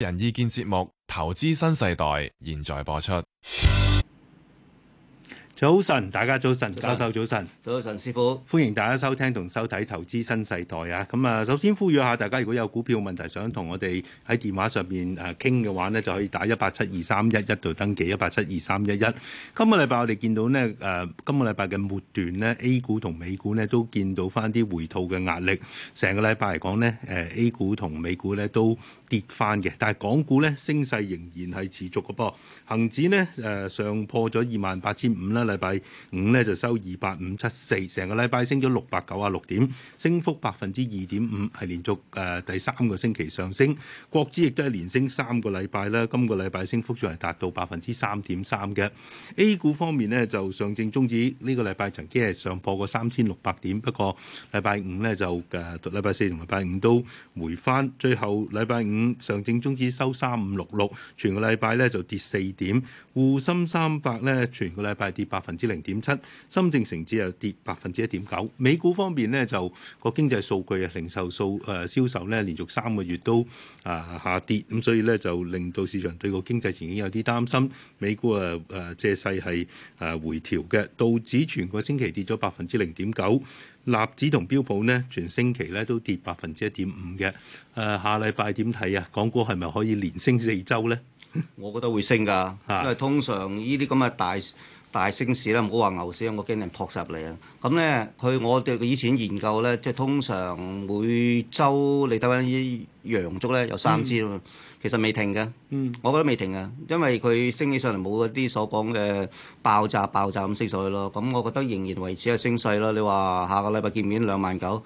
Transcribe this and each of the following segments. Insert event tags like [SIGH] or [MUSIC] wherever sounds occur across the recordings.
人意見節目《投資新世代》現在播出。早晨，大家早晨，教授早晨，早晨，師傅，歡迎大家收聽同收睇《投資新世代》啊！咁啊，首先呼籲一下大家，如果有股票問題想同我哋喺電話上邊誒傾嘅話咧，就可以打一八七二三一一度登記，一八七二三一一。今個禮拜我哋見到咧誒、呃，今個禮拜嘅末段咧，A 股同美股咧都見到翻啲回吐嘅壓力。成個禮拜嚟講咧，誒，A 股同美股咧都跌翻嘅，但係港股咧升勢仍然係持續嘅噃。恒指咧誒上破咗二萬八千五啦。禮拜五咧就收二八五七四，成個禮拜升咗六百九啊六點，升幅百分之二點五，係連續誒第三個星期上升。國指亦都係連升三個禮拜啦，今個禮拜升幅仲係達到百分之三點三嘅。A 股方面呢，就上證綜指呢個禮拜曾經係上破過三千六百點，不過禮拜五呢，就誒，禮拜四同埋禮拜五都回翻，最後禮拜五上證綜指收三五六六，全個禮拜呢就跌四點。滬深三百呢，全個禮拜跌八。百分之零點七，深證成指又跌百分之一點九。美股方面呢，就個經濟數據啊，零售數誒銷售呢連續三個月都啊下跌，咁所以呢，就令到市場對個經濟前景有啲擔心。美股啊誒借勢係誒回調嘅，道指全個星期跌咗百分之零點九，納指同標普呢，全星期呢都跌百分之一點五嘅。誒下禮拜點睇啊？港股係咪可以連升四周呢？我覺得會升㗎，因為通常呢啲咁嘅大。大升市啦，唔好話牛市啊，我驚人撲入嚟啊！咁、嗯、咧，佢、嗯、我哋以前研究咧，即係通常每週你睇翻啲陽燭咧有三支啊嘛，嗯、其實未停嘅，嗯，我覺得未停啊，因為佢升起上嚟冇嗰啲所講嘅爆炸爆炸咁升上去咯。咁我覺得仍然維持係升勢咯。你話下個禮拜見面兩萬九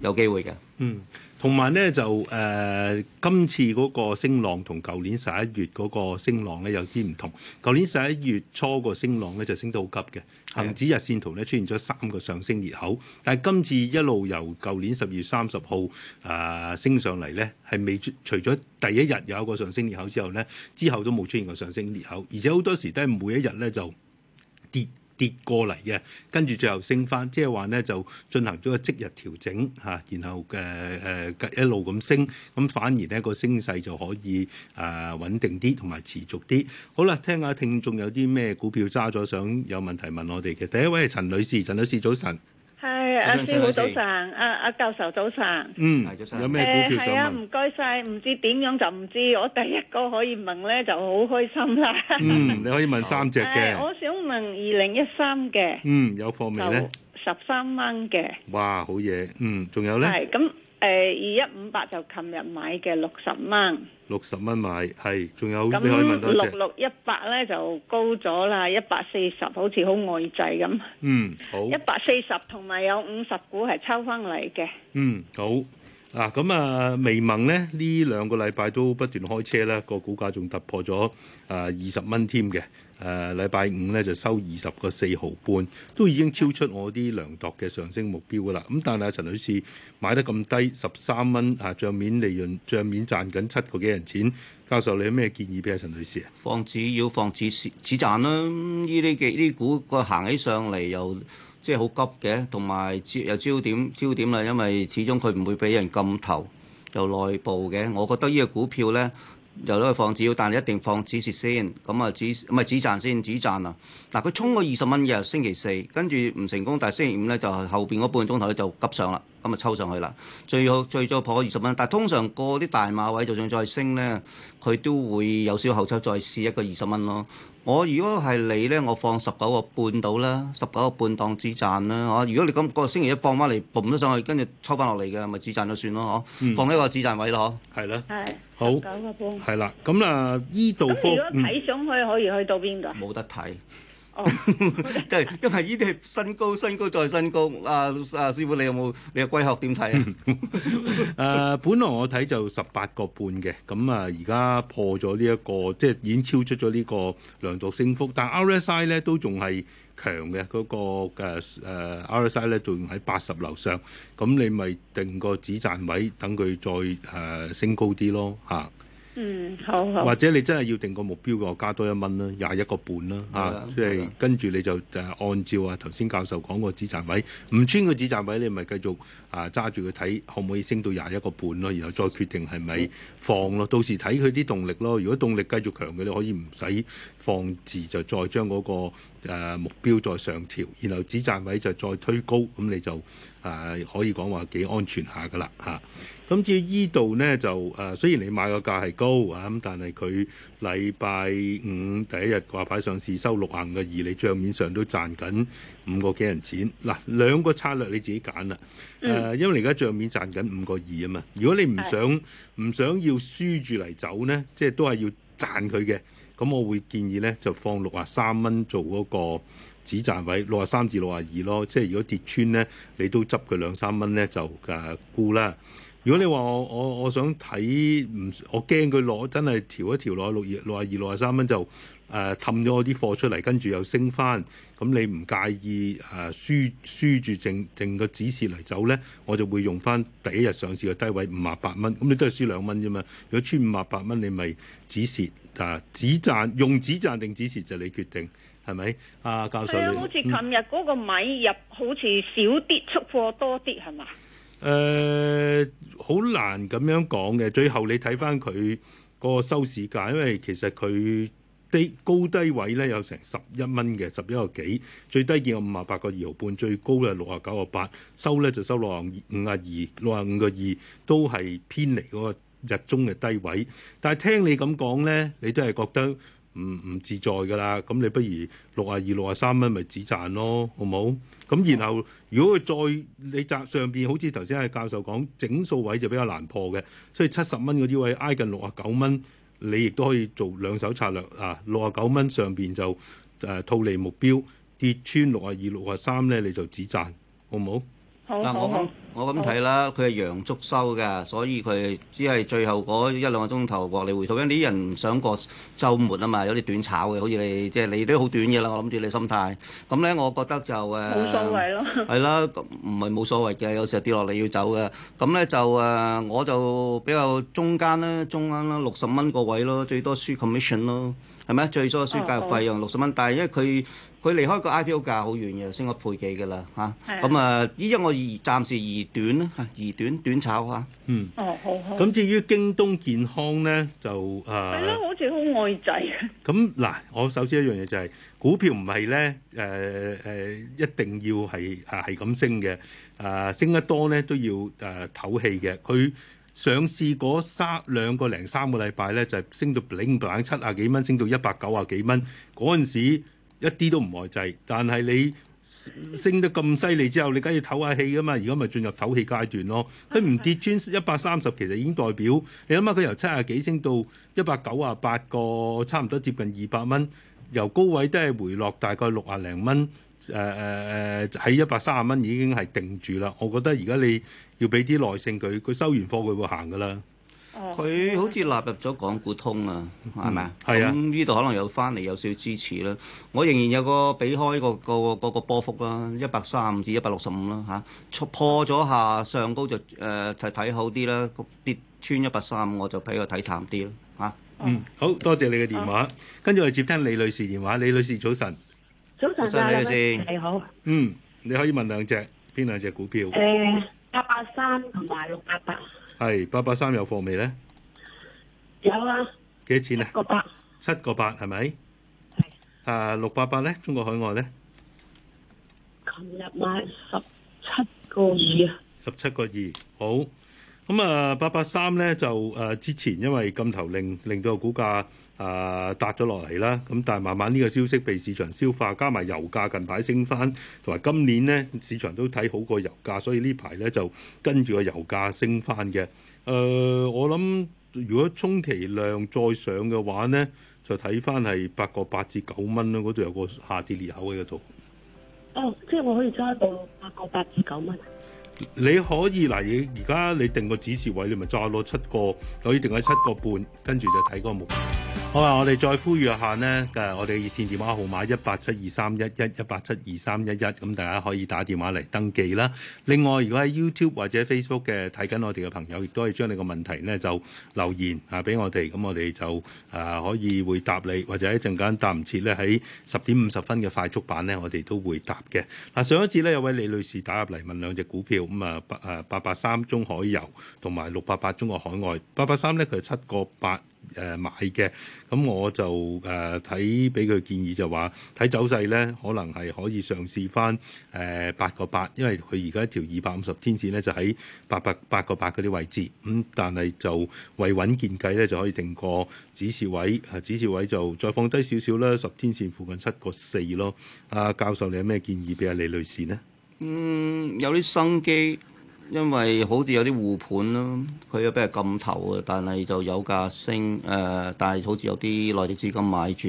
有機會嘅，嗯。同埋咧就誒、呃，今次嗰個升浪同舊年十一月嗰個升浪咧有啲唔同。舊年十一月初個升浪咧就升得好急嘅，恆指日線圖咧出現咗三個上升裂口，但係今次一路由舊年十二月三十號啊升上嚟咧，係未除咗第一日有一個上升裂口之後咧，之後都冇出現過上升裂口，而且好多時都係每一日咧就跌。跌過嚟嘅，跟住最後升返，即係話咧就進行咗個即日調整嚇、啊，然後誒誒、呃呃、一路咁升，咁反而咧、那個升勢就可以誒穩、呃、定啲同埋持續啲。好啦，聽下聽眾有啲咩股票揸咗，想有問題問我哋嘅。第一位係陳女士，陳女士早晨。係，阿師傅早晨上，阿阿教授早晨。嗯，係早晨。有咩股票想問？係啊，唔該晒，唔知點樣就唔知。我第一個可以問咧，就好開心啦。 [LAUGHS] 嗯，你可以問三隻嘅。我想問二零一三嘅。嗯，有貨未咧？十三蚊嘅。哇，好、呃、嘢。嗯，仲有咧？係咁，誒，二一五八就琴日買嘅六十蚊。六十蚊買係，仲有你可以問多隻。咁六六一百咧就高咗啦，一百四十好似好外滯咁。嗯，好。一百四十同埋有五十股係抽翻嚟嘅。嗯，好。嗱，咁啊，微盟咧呢兩個禮拜都不斷開車啦，個股價仲突破咗啊二十蚊添嘅。誒，禮拜五咧就收二十個四毫半，都已經超出我啲量度嘅上升目標㗎啦。咁但係阿陳女士買得咁低十三蚊啊，帳面利潤帳面賺緊七個幾人錢。教授你有咩建議俾阿陳女士啊？放止要放止止賺啦！呢啲嘅呢股個行起上嚟又即係好急嘅，同埋又焦點焦點啦。因為始終佢唔會俾人撳頭，又內部嘅。我覺得呢個股票咧。又攞去放止，但係一定放止蝕先，咁啊止，唔係止賺先止賺啊！嗱，佢衝嗰二十蚊嘅星期四，跟住唔成功，但係星期五咧就後邊嗰半個鐘頭咧就急上啦，咁啊抽上去啦，最好最再破二十蚊。但係通常過啲大馬位，就算再升咧，佢都會有少少後抽再試一個二十蚊咯。我如果係你咧，我放十九個半到啦，十九個半檔止賺啦，嚇、啊！如果你咁個星期一放翻嚟嘣咗上去，跟住抽翻落嚟嘅，咪止賺咗算咯，嚇！放喺個止賺位咯，嚇！係啦，係，十九個半，係啦，咁啊，依度、嗯、放。咁、啊、如果睇上去可以去到邊度？冇得睇。就係 [LAUGHS] 因為呢啲係新高、新高再新高。阿、啊、阿、啊、師傅，你有冇你嘅龜殼點睇啊？誒、 [LAUGHS] [LAUGHS] 呃，本來我睇就十八個半嘅，咁啊而家破咗呢一個，即係已經超出咗呢個量度升幅。但係 RSI 咧都仲係強嘅，嗰、那個誒 RSI 咧仲喺八十樓上。咁你咪定個止賺位，等佢再誒、呃、升高啲咯，嚇。嗯，好，好或者你真係要定個目標嘅話，我加多一蚊啦，廿一個半啦，啊，即係跟住你就就係按照啊頭先教授講個止賺位，唔穿個止賺位，你咪繼續啊揸住佢睇可唔可以升到廿一個半咯，然後再決定係咪放咯，到時睇佢啲動力咯。如果動力繼續強嘅，你可以唔使。放置就再將嗰個目標再上調，然後止賺位就再推高，咁你就誒、啊、可以講話幾安全下噶啦嚇。咁、啊、至於依度呢，就誒、啊，雖然你買個價係高啊，咁但係佢禮拜五第一日掛牌上市收六銀個二，你帳面上都賺緊五個幾人錢。嗱、啊，兩個策略你自己揀啦。誒、啊，嗯、因為你而家帳面賺緊五個二啊嘛。如果你唔想唔的想要輸住嚟走呢，即係都係要賺佢嘅。咁我會建議咧，就放六啊三蚊做嗰個止賺位，六啊三至六啊二咯。即係如果跌穿咧，你都執佢兩三蚊咧，就誒沽啦。如果你話我我我想睇唔，我驚佢攞真係調一調落六二六啊二六啊三蚊，就誒氹咗我啲貨出嚟，跟住又升翻。咁你唔介意誒輸輸住正正個止蝕嚟走咧，我就會用翻第一日上市嘅低位五啊八蚊。咁你都係輸兩蚊啫嘛。如果穿五啊八蚊，你咪止蝕。啊！指賺用指賺定指詞，就你決定係咪？啊，教授。係啊，好似琴日嗰個米入好似少啲出貨多啲係嘛？誒，好、呃、難咁樣講嘅。最後你睇翻佢個收市價，因為其實佢低高低位咧有成十一蚊嘅，十一個幾，最低見有五啊八個二毫半，最高嘅六啊九個八，收咧就收六啊五啊二，六啊五個二都係偏離嗰、那個。日中嘅低位，但係聽你咁講咧，你都係覺得唔唔、嗯、自在噶啦。咁你不如六啊二、六啊三蚊咪止賺咯，好唔好？咁然後如果佢再你揸上邊，好似頭先係教授講，整數位就比較難破嘅，所以七十蚊嗰啲位挨近六啊九蚊，你亦都可以做兩手策略啊。六啊九蚊上邊就誒套利目標，跌穿六啊二、六啊三咧，你就止賺，好唔好？嗱，我咁我咁睇啦，佢係陽燭收嘅，所以佢只係最後嗰一兩個鐘頭獲利回吐，因為啲人唔想過週末啊嘛，有啲短炒嘅，好似你即係、就是、你都好短嘅啦。我諗住你心態，咁咧我覺得就誒，冇所謂咯，係啦，唔係冇所謂嘅，有時候跌落嚟要走嘅。咁咧就誒，我就比較中間啦，中間啦，六十蚊個位咯，最多輸 commission 咯，係咪？最多輸家費用六十蚊，但係因為佢。佢離開個 IPO 價好遠，又升咗倍幾嘅啦嚇。咁的啊，依家我二暫時二短啦嚇，二短短炒吓。嗯。哦，好，好。咁至於京東健康咧，就誒。係、呃、咯，好似好外滯，咁嗱，我首先一樣嘢就係、是、股票唔係咧，誒、呃、誒，一定要係係咁升嘅。啊、呃，升得多咧都要誒唞氣嘅。佢、呃、上市嗰三兩個零三個禮拜咧，就係升到零點七啊幾蚊，升到一百九啊幾蚊嗰陣時。一啲都唔外滯，但係你升得咁犀利之後，你梗要唞下氣啊嘛。而家咪進入唞氣階段咯。佢唔跌穿一百三十，其實已經代表你諗下，佢由七啊幾升到一百九啊八個，差唔多接近二百蚊。由高位都係回落大概六啊零蚊。誒誒誒，喺一百三十蚊已經係定住啦。我覺得而家你要俾啲耐性佢，佢收完貨佢會行噶啦。佢好似納入咗港股通啊，係咪啊？咁呢度可能有翻嚟有少少支持啦。我仍然有個比開個個,個,個,個波幅啦，一百三至一百六十五啦吓、啊，破咗下上高就誒睇睇好啲啦，跌穿一百三我就比佢睇淡啲咯吓，啊、嗯，好多謝,謝你嘅電話，跟住好我接聽李女士電話。李女士早晨，早晨李女士，你好。嗯，你可以問兩隻邊兩隻股票？誒、呃，八百三同埋六百八。係八八三有貨未呢？有啊，幾錢啊？個八，七個八係咪？係是，啊六八八咧？中國海外咧？琴日買十七個二啊，十七個二好。咁啊，八八三咧就誒、呃、之前因為禁投令令到個股價啊跌咗落嚟啦，咁、呃、但係慢慢呢個消息被市場消化，加埋油價近排升翻，同埋今年呢市場都睇好過油價，所以呢排咧就跟住個油價升翻嘅。誒、呃，我諗如果充其量再上嘅話呢，就睇翻係八個八至九蚊咯，嗰度有個下跌裂口喺度。哦，即係我可以揸到八個八至九蚊。你可以嗱，而家你定個指示位，你咪揸落七個，可以定喺七個半，跟住就睇嗰個目標。好啊！我哋再呼籲下呢。誒，我哋熱線電話號碼一八七二三一一一八七二三一一，咁大家可以打電話嚟登記啦。另外，如果喺 YouTube 或者 Facebook 嘅睇緊我哋嘅朋友，亦都可以將你個問題呢就留言啊，俾我哋，咁我哋就誒、啊、可以回答你，或者一陣間答唔切呢。喺十點五十分嘅快速版呢，我哋都會答嘅。嗱，上一節呢，有位李女士打入嚟問兩隻股票，咁、嗯、啊八誒八八三中海油同埋六八八中國海外，八八三呢，佢係七個八。誒買嘅，咁我就誒睇俾佢建議就話睇走勢咧，可能係可以嘗試返誒八個八，因為佢而家條二百五十天線咧就喺八百八個八嗰啲位置，咁但係就為穩健計咧就可以定個指示位，啊指示位就再放低少少啦，十天線附近七個四咯。阿教授你有咩建議俾阿李女士呢？嗯，有啲生機。因為好似有啲護盤咯，佢又俾人撳頭、呃、啊，但係就有價升誒，但係好似有啲內地資金買住，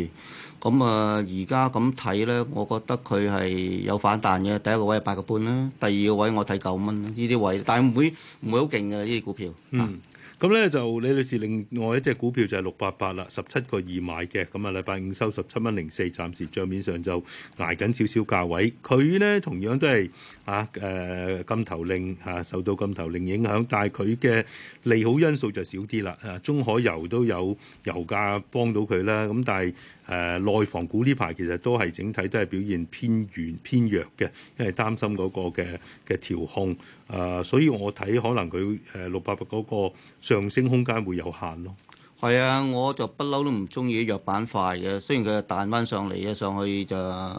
咁啊而家咁睇咧，我覺得佢係有反彈嘅，第一個位係八個半啦，第二個位我睇九蚊，呢啲位，但係唔會唔會好勁嘅呢啲股票。嗯。咁咧就李女士另外一隻股票就係六八八啦，十七個二買嘅，咁啊禮拜五收十七蚊零四，暫時帳面上就捱緊少少價位。佢咧同樣都係啊誒、呃、禁投令啊受到禁投令影響，但係佢嘅利好因素就少啲啦。啊中海油都有油價幫到佢啦，咁但係。誒、呃、內房股呢排其實都係整體都係表現偏軟偏弱嘅，因為擔心嗰個嘅嘅調控，誒、呃、所以我睇可能佢誒六百嗰個上升空間會有限咯。係啊，我就不嬲都唔中意啲藥板塊嘅，雖然佢彈翻上嚟一上去就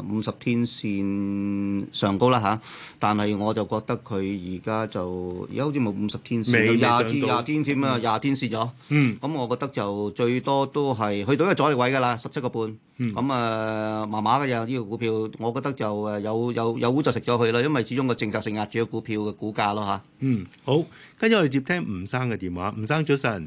五十天線上高啦吓，但係我就覺得佢而家就而家好似冇五十天線嘅意廿天廿、嗯、天線啊，廿天蝕咗。咁、嗯嗯、我覺得就最多都係去到一個阻力位㗎啦，十七個半。咁、嗯、啊，麻麻嘅又呢個股票，我覺得就有有有股就食咗佢啦，因為始終個政策性壓住股票嘅股價咯吓，嗯，好，跟住我哋接聽吳生嘅電話，吳生早晨。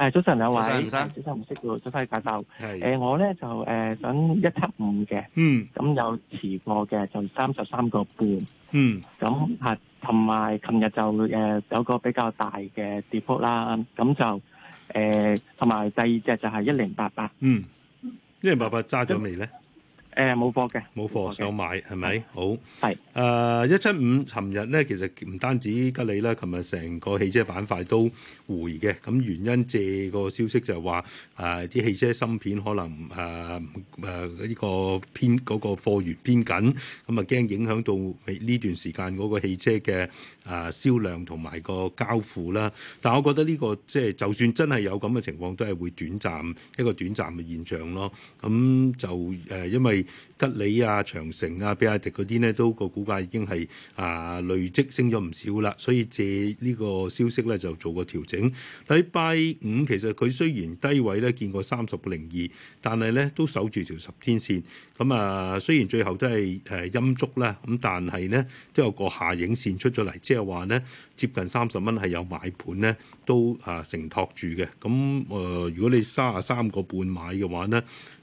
誒，早晨，兩位早晨生，唔識叫先生教授。誒我咧就誒想一七五嘅，嗯，咁有持過嘅就三十三個半，嗯，咁係同埋琴日就誒有個比較大嘅跌幅啦，咁就誒同埋第二隻就係一零八八，嗯，一零八八揸咗未咧？誒，冇貨嘅，冇貨，想買係咪？好係。誒是，一七五，尋日咧，其實唔單止吉利啦，尋日成個汽車板塊都回嘅。咁原因借個消息就係話，誒、啊，啲汽車芯片可能誒誒呢個偏、嗰個貨源偏緊，咁啊驚影響到呢段時間嗰個汽車嘅。啊銷量同埋個交付啦，但我覺得呢、這個即係、就是、就算真係有咁嘅情況，都係會短暫一個短暫嘅現象咯。咁、嗯、就誒、呃，因為吉利啊、長城啊、比亞迪嗰啲咧，都個股價已經係啊、呃、累積升咗唔少啦，所以借呢個消息咧就做個調整。禮拜五其實佢雖然低位咧見過三十零二，但係咧都守住條十天線咁啊、嗯，雖然最後都係誒陰燭啦，咁但係咧都有個下影線出咗嚟，即係。嘅話咧，接近三十蚊係有買盤咧，都啊承托住嘅。咁誒、呃，如果你三十啊三個半買嘅話咧。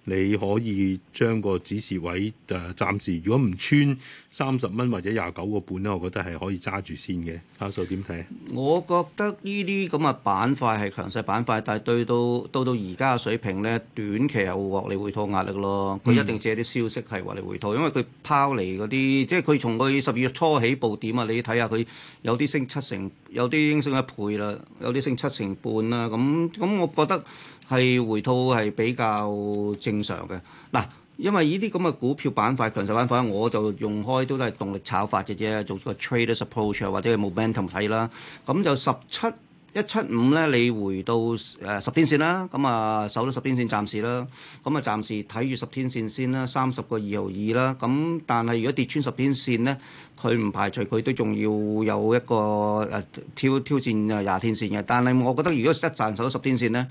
你可以將個指示位誒、呃、暫時，如果唔穿三十蚊或者廿九個半咧，我覺得係可以揸住先嘅。教授點睇？我覺得呢啲咁嘅板塊係強勢板塊，但係對到到到而家嘅水平咧，短期有會獲利回吐壓力咯。佢一定借啲消息係獲利回吐，嗯、因為佢拋離嗰啲，即係佢從佢十二月初起步點啊，你睇下佢有啲升七成，有啲升一倍啦，有啲升七成半啦。咁咁，我覺得係回吐係比較正。正常嘅嗱，因為呢啲咁嘅股票板塊、強勢板塊，我就用開都都係動力炒法嘅啫，做個 trade、support 或者 momentum 睇啦。咁就十七一七五咧，你回到誒十天線啦，咁啊守到十天線暫時啦。咁啊暫時睇住十天線先啦，三十個二毫二啦。咁但係如果跌穿十天線咧，佢唔排除佢都仲要有一個誒、啊、挑挑戰廿天線嘅。但係我覺得如果一站守咗十天線咧，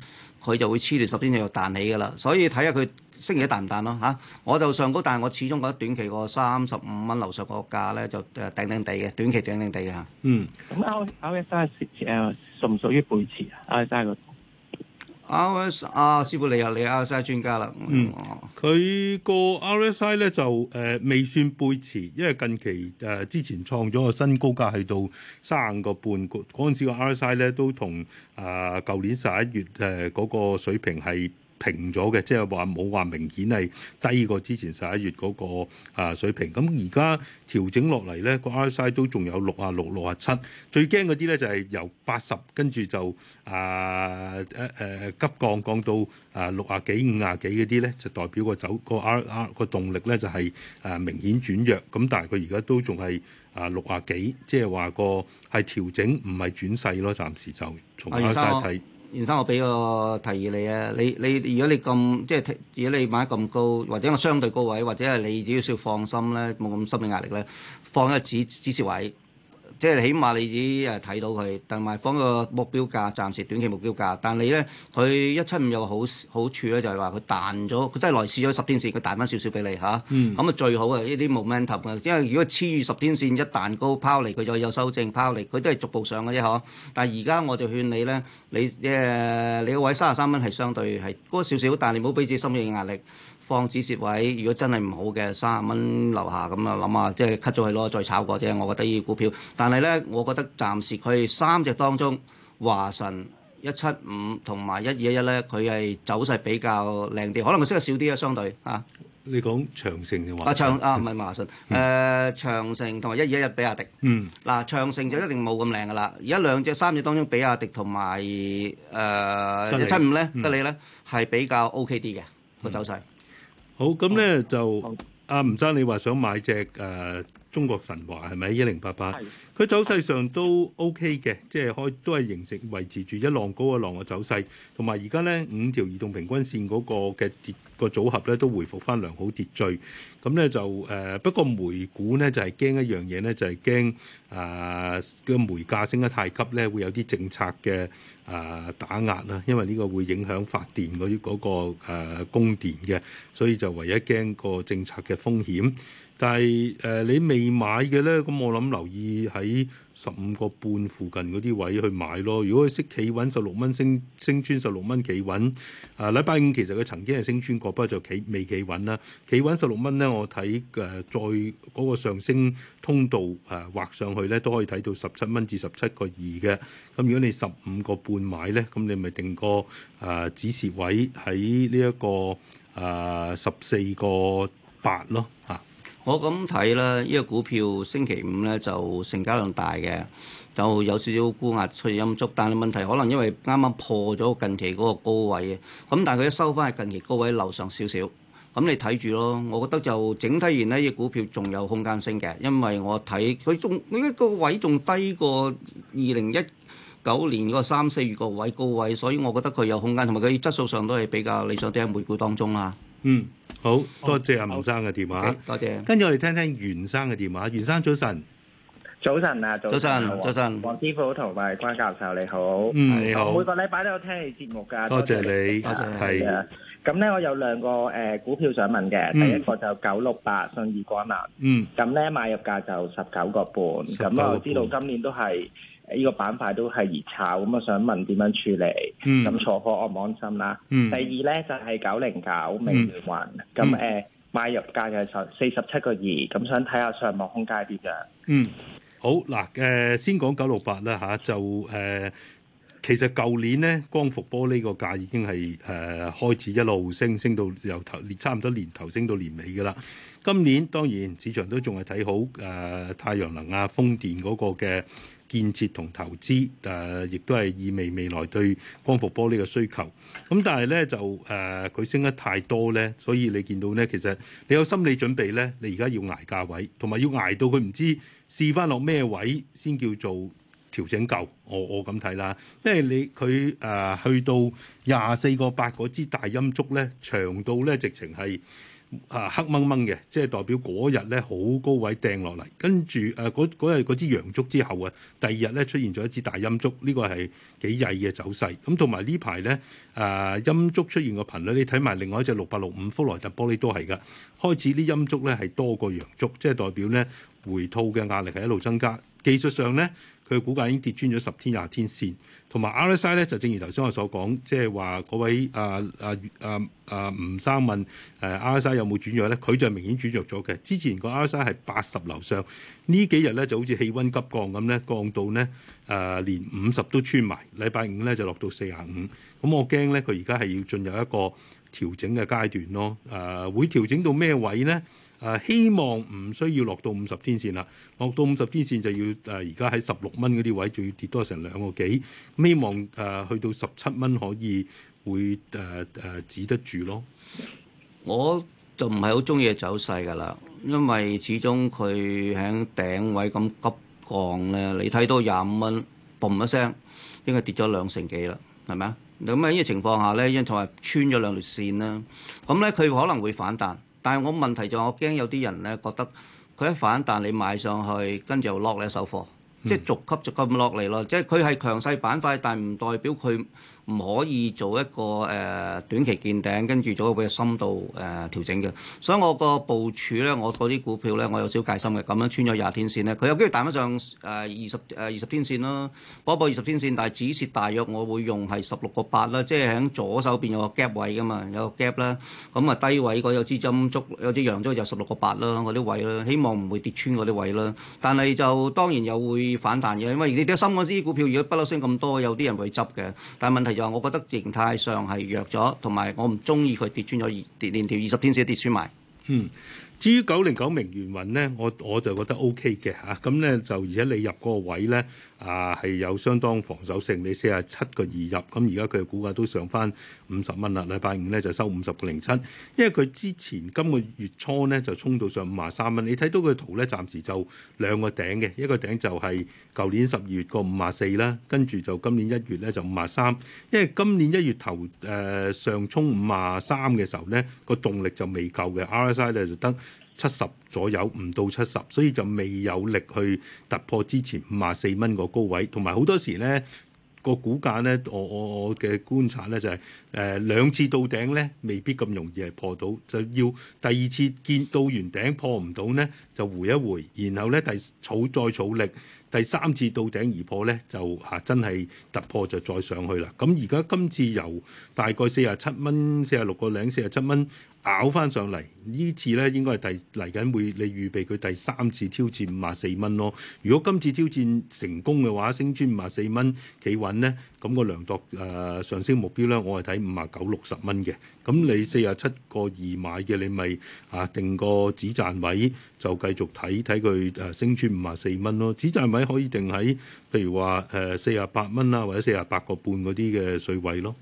佢就會黐住十點二又彈起㗎啦，所以睇下佢升起彈唔彈咯嚇。我就上高，但係我始終覺得短期個三十五蚊樓上個價咧就誒頂頂哋嘅，短期頂頂哋嘅嚇。嗯。咁 RSI 誒屬唔屬於背馳啊？RSI 阿阿、SI? 啊、師傅嚟啊嚟 RSI 專家啦。嗯，佢個 RSI 咧就誒、呃、未算背馳，因為近期誒、呃、之前創咗個新高價到 5,、SI 呃、去到三個半，嗰陣時個 RSI 咧都同啊舊年十一月誒嗰個水平係平咗嘅，即係話冇話明顯係低過之前十一月嗰個啊水平。咁而家調整落嚟咧，個 RSI 都仲有六啊六、六啊七。最驚嗰啲咧就係由八十跟住就啊誒誒急降，降到啊六啊幾、五啊幾嗰啲咧，就代表個走個 RR 阿拉個動力咧就係啊明顯轉弱。咁但係佢而家都仲係啊六啊幾，即係話個係調整，唔係轉勢咯。暫時就從 RSI 睇。袁生，我俾個提議你啊，你你如果你咁即係，如果你買得咁高，或者個相對高位，或者係你只要少放心咧，冇咁心理壓力咧，放一個止止蝕位。即係起碼你已誒睇到佢，但埋方個目標價，暫時短期目標價。但你咧，佢一七五有個好好處咧，就係話佢彈咗，佢真係來試咗十天線，佢彈翻少少俾你嚇。咁啊、嗯、最好嘅呢啲 momentum 因為如果黐住十天線一彈高拋離，佢就有修正拋離，佢都係逐步上嘅啫。嗬！但係而家我就勸你咧，你誒、呃、你位三十三蚊係相對係高少少，但係你唔好俾自己心理壓力。放止蝕位，如果真係唔好嘅，三十蚊樓下咁啊，諗下，即係 cut 咗佢咯，再炒過啫。我覺得呢股票，但係咧，我覺得暫時佢三隻當中，華晨一七五同埋一二一一咧，佢係走勢比較靚啲，可能佢升得少啲啊，相對啊。你講長城定華啊？啊，長啊唔係華晨，誒、嗯呃、長城同埋一二一一比亞迪。嗯、啊。嗱長城就一定冇咁靚噶啦，而家兩隻三隻當中比亞迪同埋誒一七五咧，得你咧係比較 OK 啲嘅個走勢。嗯嗯好，咁咧就阿的、啊、吳生，你話想買隻誒、呃中國神華係咪一零八八？佢的走勢上都 O K 嘅，即係開都係形成維持住一浪高一浪嘅走勢，同埋而家呢五條移動平均線嗰個嘅跌個組合咧都回復翻良好秩序。咁呢就誒，不過煤股呢，就係、是、驚一樣嘢呢，就係驚誒個煤價升得太急呢，會有啲政策嘅誒、啊、打壓啦，因為呢個會影響發電嗰嗰、那個、啊、供電嘅，所以就唯一驚個政策嘅風險。但係誒、呃，你未買嘅咧，咁我諗留意喺十五個半附近嗰啲位去買咯。如果佢識企穩十六蚊，升升穿十六蚊企穩。啊、呃，禮拜五其實佢曾經係升穿過，不過就企未企穩啦。企穩十六蚊咧，我睇誒、呃、再嗰個上升通道誒畫、呃、上去咧，都可以睇到十七蚊至十七個二嘅。咁如果你十五、呃個半買咧，咁你咪定個誒止蝕位喺呢一個誒十四個八咯嚇。我咁睇啦，呢、這個股票星期五咧就成交量大嘅，就有少少沽壓出現陰燭，但係問題可能因為啱啱破咗近期嗰個高位嘅，咁但係佢一收翻係近期高位樓上少少，咁你睇住咯。我覺得就整體而言咧，這個、股票仲有空間升嘅，因為我睇佢仲依個位仲低過二零一九年嗰三四月個位高位，所以我覺得佢有空間，同埋佢質素上都係比較理想啲喺美股當中啦。嗯。好多謝阿孟生嘅電話，多謝。跟住我哋聽聽袁生嘅電話，袁生早晨。早晨啊，早晨，早晨，黃師傅同埋關教授你好。嗯，你好。每個禮拜都有聽你節目㗎，多謝你。係啊。咁咧我有兩個誒股票想問嘅，第一個就九六八信義光能，嗯，咁咧買入價就十九個半，咁我知道今年都係。呢個板塊都係熱炒，咁啊想問點樣處理？咁坐貨安唔安心啦。第二咧就係九零九明源雲，咁誒、嗯呃、買入價係四十七個二，咁想睇下上望空間點樣？嗯，好嗱，誒、呃、先講九六八啦嚇，就誒、呃、其實舊年呢，光伏玻璃個價已經係誒、呃、開始一路升，升到由頭差唔多年頭升到年尾噶啦。今年當然市場都仲係睇好誒、呃、太陽能啊、風電嗰個嘅。建設同投資，誒、呃、亦都係意味未來對光伏玻璃嘅需求。咁但係咧就誒佢、呃、升得太多咧，所以你見到咧其實你有心理準備咧，你而家要捱價位，同埋要捱到佢唔知試返落咩位先叫做調整夠。我我咁睇啦，因為你佢誒、呃、去到廿四個八嗰支大陰竹咧，長到咧直情係。啊、呃，黑掹掹嘅，即係代表嗰日咧好高位掟落嚟，跟住誒嗰日嗰支陽燭之後啊，第二日咧出現咗一支大陰燭，這個、呢個係幾曳嘅走勢。咁同埋呢排咧，啊陰燭出現嘅頻率，你睇埋另外一隻六八六五福萊特玻璃都係噶。開始啲陰燭咧係多過陽燭，即係代表咧回吐嘅壓力係一路增加。技術上咧。佢嘅股價已經跌穿咗十天廿天線，同埋 RSI 咧就正如頭先我所講，即係話嗰位啊啊啊啊吳生問誒 RSI 有冇轉弱咧？佢就明顯轉弱咗嘅。之前個 RSI 係八十樓上，呢幾日咧就好似氣温急降咁咧，降到咧誒、呃、連五十都穿埋。禮拜五咧就落到四十五，咁我驚咧佢而家係要進入一個調整嘅階段咯。誒、呃、會調整到咩位咧？誒希望唔需要落到五十天線啦，落到五十天線就要誒而家喺十六蚊嗰啲位，仲要跌多成兩個幾、嗯。希望誒、呃、去到十七蚊可以會誒誒、呃呃、止得住咯。我就唔係好中意走勢噶啦，因為始終佢喺頂位咁急降咧，你睇到廿五蚊嘣一聲，應該跌咗兩成幾啦，係咪啊？咁喺呢個情況下咧，因為同埋穿咗兩條線啦，咁咧佢可能會反彈。但係我問題就係我驚有啲人咧覺得佢一反彈你買上去，跟住又落你手貨，嗯、即係逐級逐級咁落嚟咯。即係佢係強勢板塊，但唔代表佢唔可以做一個誒、呃、短期見頂，跟住做一個深度誒、呃、調整嘅。所以我個部署咧，我嗰啲股票咧，我有少戒心嘅。咁樣穿咗廿天線咧，佢有機會彈翻上誒二十誒二十天線咯，波波二十天線。但係止蝕大約，我會用係十六個八啦，即係喺左手邊有個 gap 位㗎嘛，有個 gap 啦。咁啊低位嗰有支針足，有啲揚咗就十六個八啦，我啲位啦，希望唔會跌穿我啲位啦。但係就當然又會反彈嘅，因為你跌深嗰啲股票，如果不嬲升咁多，有啲人會執嘅。但係問題。就，我覺得形態上係弱咗，同埋我唔中意佢跌穿咗二跌，連條二十天線跌穿埋。嗯，至於九零九明源雲咧，我我就覺得 O K 嘅吓。咁、啊、咧、嗯、就而且你入嗰個位咧。啊，係有相當防守性，你四十七個二入，咁而家佢嘅股價都上翻五十蚊啦。禮拜五咧就收五十個零七，因為佢之前今個月初咧就衝到上五廿三蚊。你睇到佢圖咧，暫時就兩個頂嘅，一個頂就係舊年十二月個五廿四啦，跟住就今年一月咧就五廿三。因為今年一月頭誒、呃、上衝五廿三嘅時候咧，個動力就未夠嘅，RSI 咧就得七十左右，唔到七十，所以就未有力去突破之前五十四蚊個高位。同埋好多時咧、呢個股價咧，我我我嘅觀察咧就係誒兩次到頂咧，未必咁容易係破到，就要第二次見到完頂破唔到咧，就回一回，然後咧第儲再儲力，第三次到頂而破咧，就嚇、啊、真係突破就再上去啦。咁而家今次由大概四十七蚊、四十六個零、四十七蚊咬翻上嚟，次呢次咧應該係第嚟緊會你預備佢第三次挑戰五十四蚊咯。如果今次挑戰成功嘅話，升穿五十四蚊企穩咧，咁、那個量度誒、呃、上升目標咧，我係睇五十九、六十蚊嘅。咁你四十七個二買嘅，你咪嚇定個止賺位。就繼續睇睇佢誒升穿五啊四蚊咯，止蝕位可以定喺譬如話誒四啊八蚊啦，或者四啊八個半嗰啲嘅水位咯。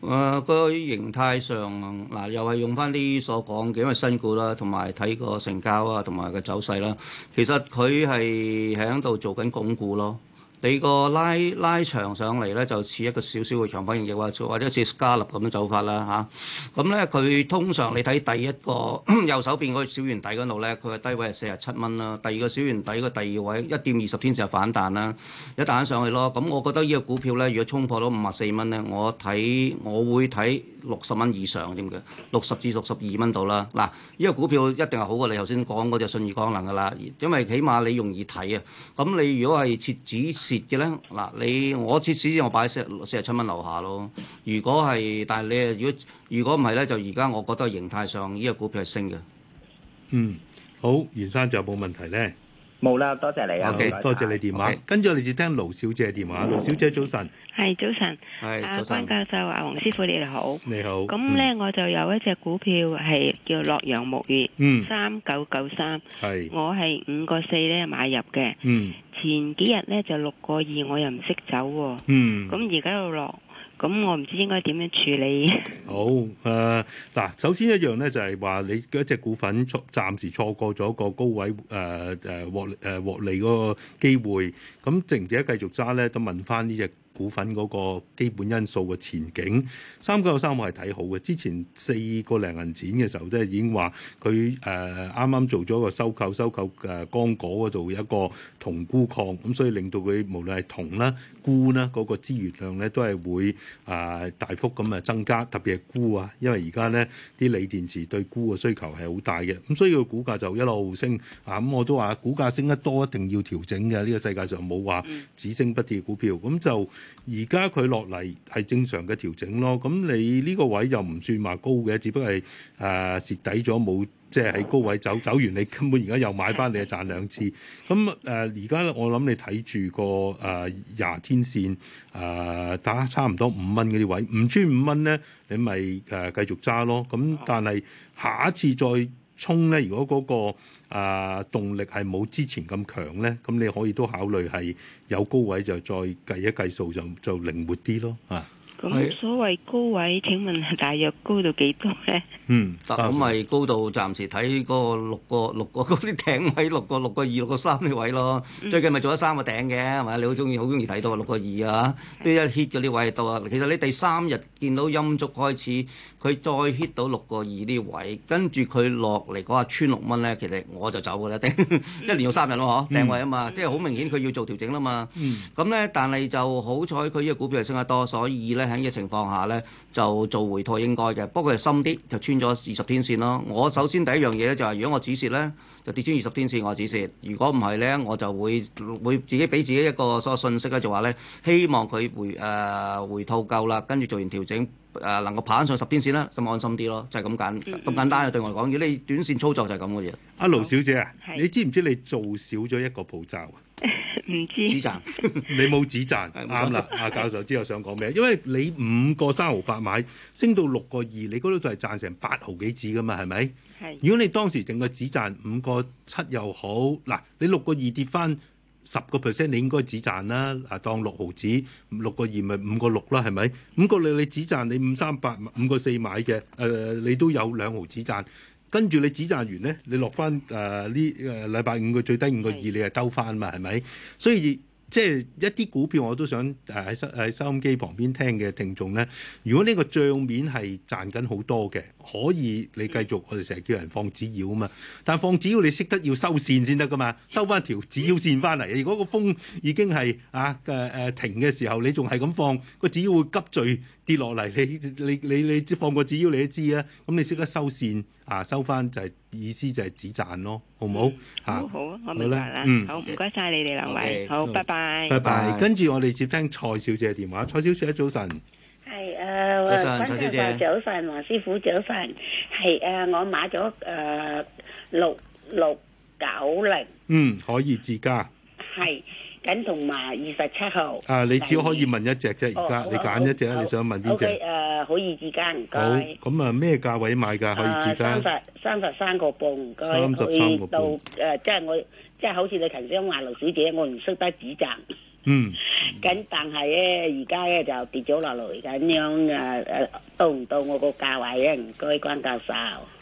誒、啊那個形態上嗱、啊、又係用翻啲所講嘅，因為新股啦，同埋睇個成交啊，同埋個走勢啦，其實佢係喺度做緊鞏固咯。你個拉拉長上嚟咧，就似一個少少嘅長方形，嘅或或者似加立咁樣走法啦嚇。咁咧佢通常你睇第一個右手邊嗰個小圓底嗰度咧，佢嘅低位係四十七蚊啦。第二個小圓底嘅第二位一點二十天時反彈啦，一彈上去咯。咁我覺得呢個股票咧，如果衝破到五十四蚊咧，我睇我會睇六十蚊以上添嘅，六十至六十二蚊度啦。嗱，呢個股票一定係好過你頭先講嗰隻信義光能噶啦，因為起碼你容易睇啊。咁你如果係設止跌嘅咧，嗱你我止蝕我擺喺四四十七蚊樓下咯。如果係，但係你啊，如果如果唔係咧，就而家我覺得形態上呢個股票係升嘅。嗯，好，袁生仲有冇問題咧？冇啦，多謝你啊！OK，多謝你電話，跟住我哋接聽盧小姐電話。盧小姐早晨，係早晨，係啊，關教授啊，黃師傅你好，你好。咁咧我就有一隻股票係叫洛陽鉬業，嗯，三九九三，係，我係五個四咧買入嘅，嗯，前幾日咧就六個二，我又唔識走，嗯，咁而家又落。咁我唔知應該點樣處理？好誒，嗱，首先一樣咧，就係話你一隻股份錯，暫時錯過咗個高位誒、誒獲誒獲利個機會，咁值唔值得繼續揸咧？都問翻呢隻股份嗰個基本因素嘅前景，三九九三我係睇好嘅。之前四個零銀錢嘅時候，都係已經話佢誒啱啱做咗個收購，收購誒、呃、剛果嗰度有一個銅鈷礦，咁、嗯、所以令到佢無論係銅啦、鈷啦嗰、那個資源量咧，都係會誒、呃、大幅咁誒增加，特別係鈷啊，因為而家咧啲鋰電池對鈷嘅需求係好大嘅，咁、嗯、所以個股價就一路升啊！咁、嗯、我都話股價升得多一定要調整嘅，呢、這個世界上冇話只升不跌嘅股票，咁就。而家佢落嚟係正常嘅調整咯。咁你呢個位就唔算話高嘅，只不過係誒蝕底咗，冇即係喺高位走走完你。你根本而家又買翻，你係賺兩次咁誒。而家、呃、我諗你睇住個誒廿、呃、天線誒、呃、打差唔多五蚊嗰啲位，唔穿五蚊咧，你咪誒、呃、繼續揸咯。咁但係下一次再衝咧，如果嗰、嗰個啊！動力係冇之前咁強咧，咁你可以都考慮係有高位就再計一計數就，就就靈活啲咯啊！咁所謂高位，請問大約高到幾高咧？嗯，咁咪高到暫時睇個六個六個嗰啲頂位，六個六個二、六個三啲位咯。最近咪做咗三個頂嘅，係嘛？你好中意，好容易睇到啊，六個二啊，都一 hit 咗啲位到啊。其實你第三日見到陰燭開始，佢再 hit 到六個二啲位，跟住佢落嚟嗰下穿六蚊咧，其實我就走噶啦，一定。一年又三日咯，嗬？定位啊嘛，即係好明顯佢要做調整啦嘛。嗯。咁咧，但係就好彩，佢依個股票又升得多，所以咧。喺呢個情況下呢，就做回吐應該嘅。不過係深啲，就穿咗二十天線咯。我首先第一樣嘢咧、就是、就係如果我止蝕呢，就跌穿二十天線，我止蝕。如果唔係呢，我就會會自己俾自己一個所信息咧，就話呢，希望佢回誒、呃、回吐夠啦，跟住做完調整，誒能夠爬上十天線啦，就安心啲咯，就係、是、咁簡咁、嗯嗯、簡單嘅對我嚟講。如果你短線操作就係咁嘅嘢。阿、啊、盧小姐啊，是你知唔知你做少咗一個步驟啊？唔知。止 [LAUGHS] 賺。你冇止賺，啱啦。阿教授之後我想講咩？因為你五個三毫八買，升到六個二，你嗰度就係賺成八毫幾紙噶嘛，係咪？係是。如果你當時淨係止賺五個七又好，嗱，你六個二跌翻。十個 percent，你應該止賺啦。啊，當六毫子六個二咪五個六啦，係咪？五個你止你止賺你五三八，五個四買嘅，誒你都有兩毫子賺。跟住你止賺完咧，你落翻誒呢誒禮拜五個最低五個二，你係兜翻嘛係咪？所以。即係一啲股票我都想誒喺收喺收音機旁邊聽嘅聽眾咧，如果呢個帳面係賺緊好多嘅，可以你繼續我哋成日叫人放紙鷂啊嘛。但放紙鷂你識得要收線先得噶嘛，收翻條紙鷂線翻嚟。如果個風已經係啊誒誒、啊啊、停嘅時候，你仲係咁放個紙鷂會急墜。跌落嚟，你你你你放個止腰，你都知啊！咁你識得收線啊，收翻就係、是、意思就係止賺咯，好唔好？好，好啊，我明啦，嗯，好，好，唔該晒你哋兩位，okay, so, 好，拜拜，拜拜。跟住我哋接聽蔡小姐嘅電話，蔡小姐早晨，係誒、uh, 呃，蔡小姐早晨，黃師傅早晨，係啊，uh, 我買咗誒六六九零，uh, 6, 6, [LAUGHS] 嗯，可以自家。係。 [LAUGHS] 緊同埋二十七號啊！你只可以問一隻啫，而家你揀一隻，哦、你想問邊隻？誒、okay, uh,，可以之間唔該，咁啊？咩價位買噶？可以之間三十三個半，三十三到誒，即、uh, 係我即係、就是、好似你頭先話，劉小姐，我唔識得指責。嗯，咁但係咧，而家咧就跌咗落嚟，咁樣啊，誒，到唔到我個價位咧，唔該關教授。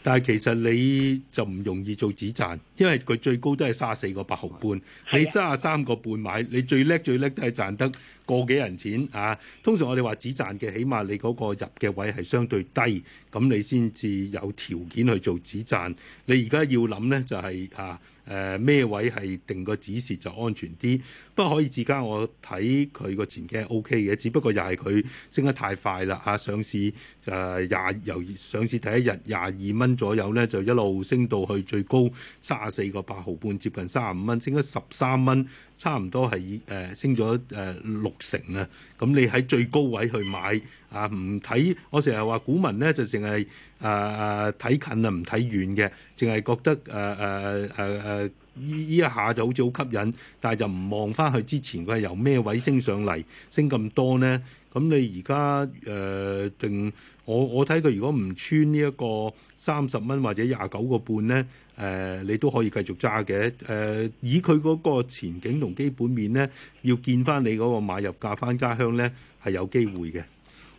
但係其實你就唔容易做止賺，因為佢最高都係卅四個八毫半，你卅三個半買，你最叻最叻都係賺得個幾人錢啊！通常我哋話止賺嘅，起碼你嗰個入嘅位係相對低，咁你先至有條件去做止賺。你而家要諗咧，就係、是、啊，誒、啊、咩位係定個止蝕就安全啲。不過可以，自家我睇佢個前景係 OK 嘅，只不過又係佢升得太快啦嚇！上市誒廿由上市第一日廿二蚊左右咧，就一路升到去最高三十四個八毫半，接近三十五蚊，升咗十三蚊，差唔多係誒、呃、升咗誒、呃、六成啊！咁、嗯、你喺最高位去買啊？唔睇，我成日話股民咧就淨係誒誒睇近啊，唔睇遠嘅，淨係覺得誒誒誒誒。呃呃呃依依一下就好似好吸引，但係就唔望翻去之前佢係由咩位升上嚟，升咁多呢？咁你而家誒定我我睇佢如果唔穿呢一個三十蚊或者廿九個半呢？誒、呃、你都可以繼續揸嘅。誒、呃、以佢嗰個前景同基本面呢，要見翻你嗰個買入價翻家鄉呢，係有機會嘅。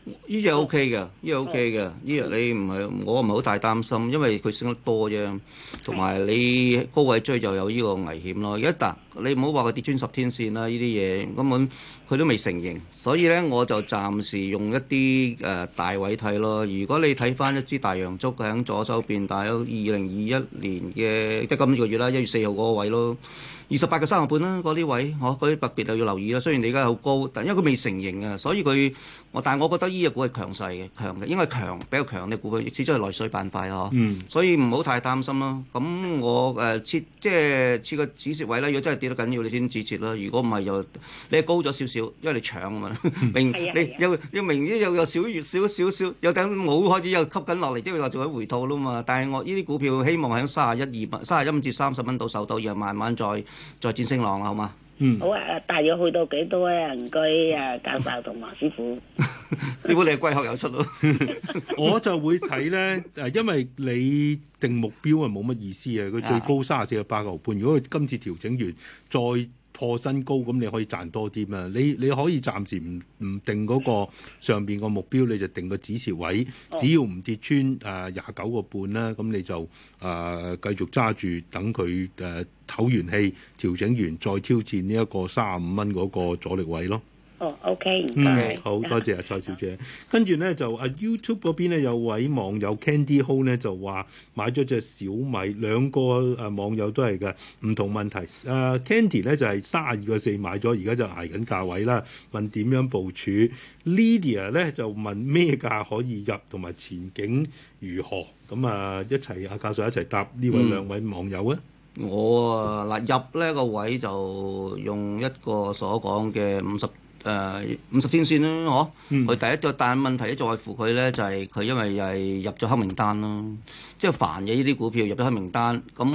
呢隻 O K 㗎，呢隻 O K 㗎，呢隻、OK、的你唔係我唔係好大擔心，因為佢升得多啫，同埋你高位追就有呢個危險囉，一旦。你唔好話佢跌穿十天線啦、啊，呢啲嘢根本佢都未成形，所以咧我就暫時用一啲誒、呃、大位睇咯。如果你睇翻一支大陽燭喺左手邊，大約二零二一年嘅即係今個月啦，一月四號嗰個位咯，二十八個三毫半啦、啊，嗰啲位，我嗰啲特別啊要留意啦。雖然你而家好高，但因為佢未成形啊，所以佢我但係我覺得呢隻股係強勢嘅，強嘅，因為強比較強啲股份，始終係內需板塊咯，啊嗯、所以唔好太擔心咯。咁我誒設、呃、即係設個止蝕位咧，如果真係，跌得緊要，你先止蝕啦。如果唔係就你高咗少少，因為你搶啊嘛，明、嗯、你的又你明明又名啲又又少越少少少，又等冇開始又吸緊落嚟，即係話做緊回吐啦嘛。但係我呢啲股票希望喺三啊一二三啊一五至三十蚊到手，到，然後慢慢再再轉升浪啦，好嘛？嗯，好啊！大約去到幾多啊？唔該啊，教授同埋師傅， [LAUGHS] [LAUGHS] 師傅你貴學有出咯。 [LAUGHS] [LAUGHS] 我就會睇咧，誒，因為你定目標係冇乜意思嘅，佢最高卅四啊八個半。如果佢今次調整完再。破新高，咁你可以賺多啲嘛？你你可以暫時唔唔定嗰個上邊個目標，你就定個止蝕位，只要唔跌穿誒廿九個半啦，咁、呃、你就誒繼、呃、續揸住等佢誒唞完氣調整完再挑戰呢一個三十五蚊嗰個阻力位咯。哦、oh,，OK，, okay.、Yeah. 嗯，好多謝啊，蔡小姐。Yeah. 跟住咧就啊 YouTube 嗰邊咧有位網友 Candy Ho 呢，就話買咗隻小米，兩個誒、啊、網友都係嘅，唔同問題。誒、uh, Candy 咧就係卅二個四買咗，而家就捱緊價位啦。問點樣部署？Lydia 咧就問咩價可以入，同埋前景如何？咁啊一齊啊教授一齊答呢位兩位網友啊、嗯。我啊嗱入呢個位就用一個所講嘅五十。誒五十天線啦，嗬！佢、嗯、第一個，但係問題咧在乎佢咧就係、是、佢因為又係入咗黑名單咯，即係煩嘅呢啲股票入咗黑名單。咁、就、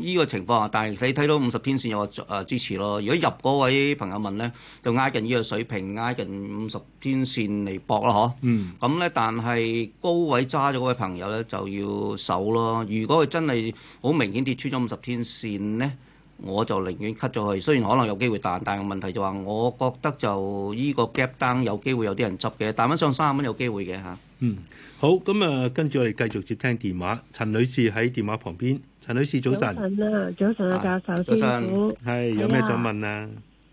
呢、是、個情況下，但係你睇到五十天線有個誒支持咯。如果入嗰位朋友問咧，就挨近呢個水平，挨近五十天線嚟搏咯，嗬！咁咧、嗯，但係高位揸咗嗰位朋友咧就要守咯。如果佢真係好明顯跌穿咗五十天線咧，我就寧願 cut 咗佢，雖然可能有機會彈，但但個問題就話，我覺得就依個 gap down 有機會有啲人執嘅，彈返上三十蚊有機會嘅嚇。嗯，好，咁啊，跟住我哋繼續接聽電話，陳女士喺電話旁邊。陳女士早晨，早晨。早晨早晨啊，教授先生，係有咩想問啊？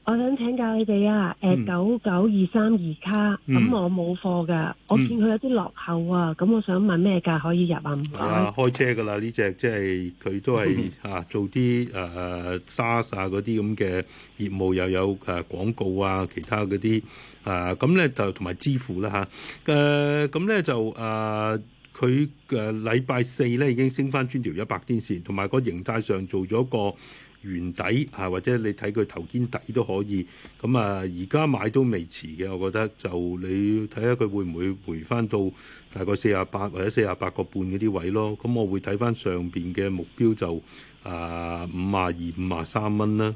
我想請教你哋啊，誒九九二三二卡，咁、嗯啊、我冇貨嘅，我見佢有啲落後啊，咁、啊嗯嗯嗯、我想問咩價可以入啊？係啊，啊，開車嘅啦，呢隻即係佢都係啊做啲誒、啊、SARS 啊嗰啲咁嘅業務，又有誒、啊、廣告啊其他嗰啲啊咁咧就同埋支付啦、啊、嚇，誒咁咧就啊佢誒禮拜四咧已經升翻穿條一百天線，同埋個形態上做咗個。圓底嚇，或者你睇佢頭肩底都可以。咁啊，而家買都未遲嘅，我覺得就你睇下佢會唔會回翻到大概四廿八或者四廿八個半嗰啲位咯。咁我會睇翻上邊嘅目標就啊五廿二、五廿三蚊啦。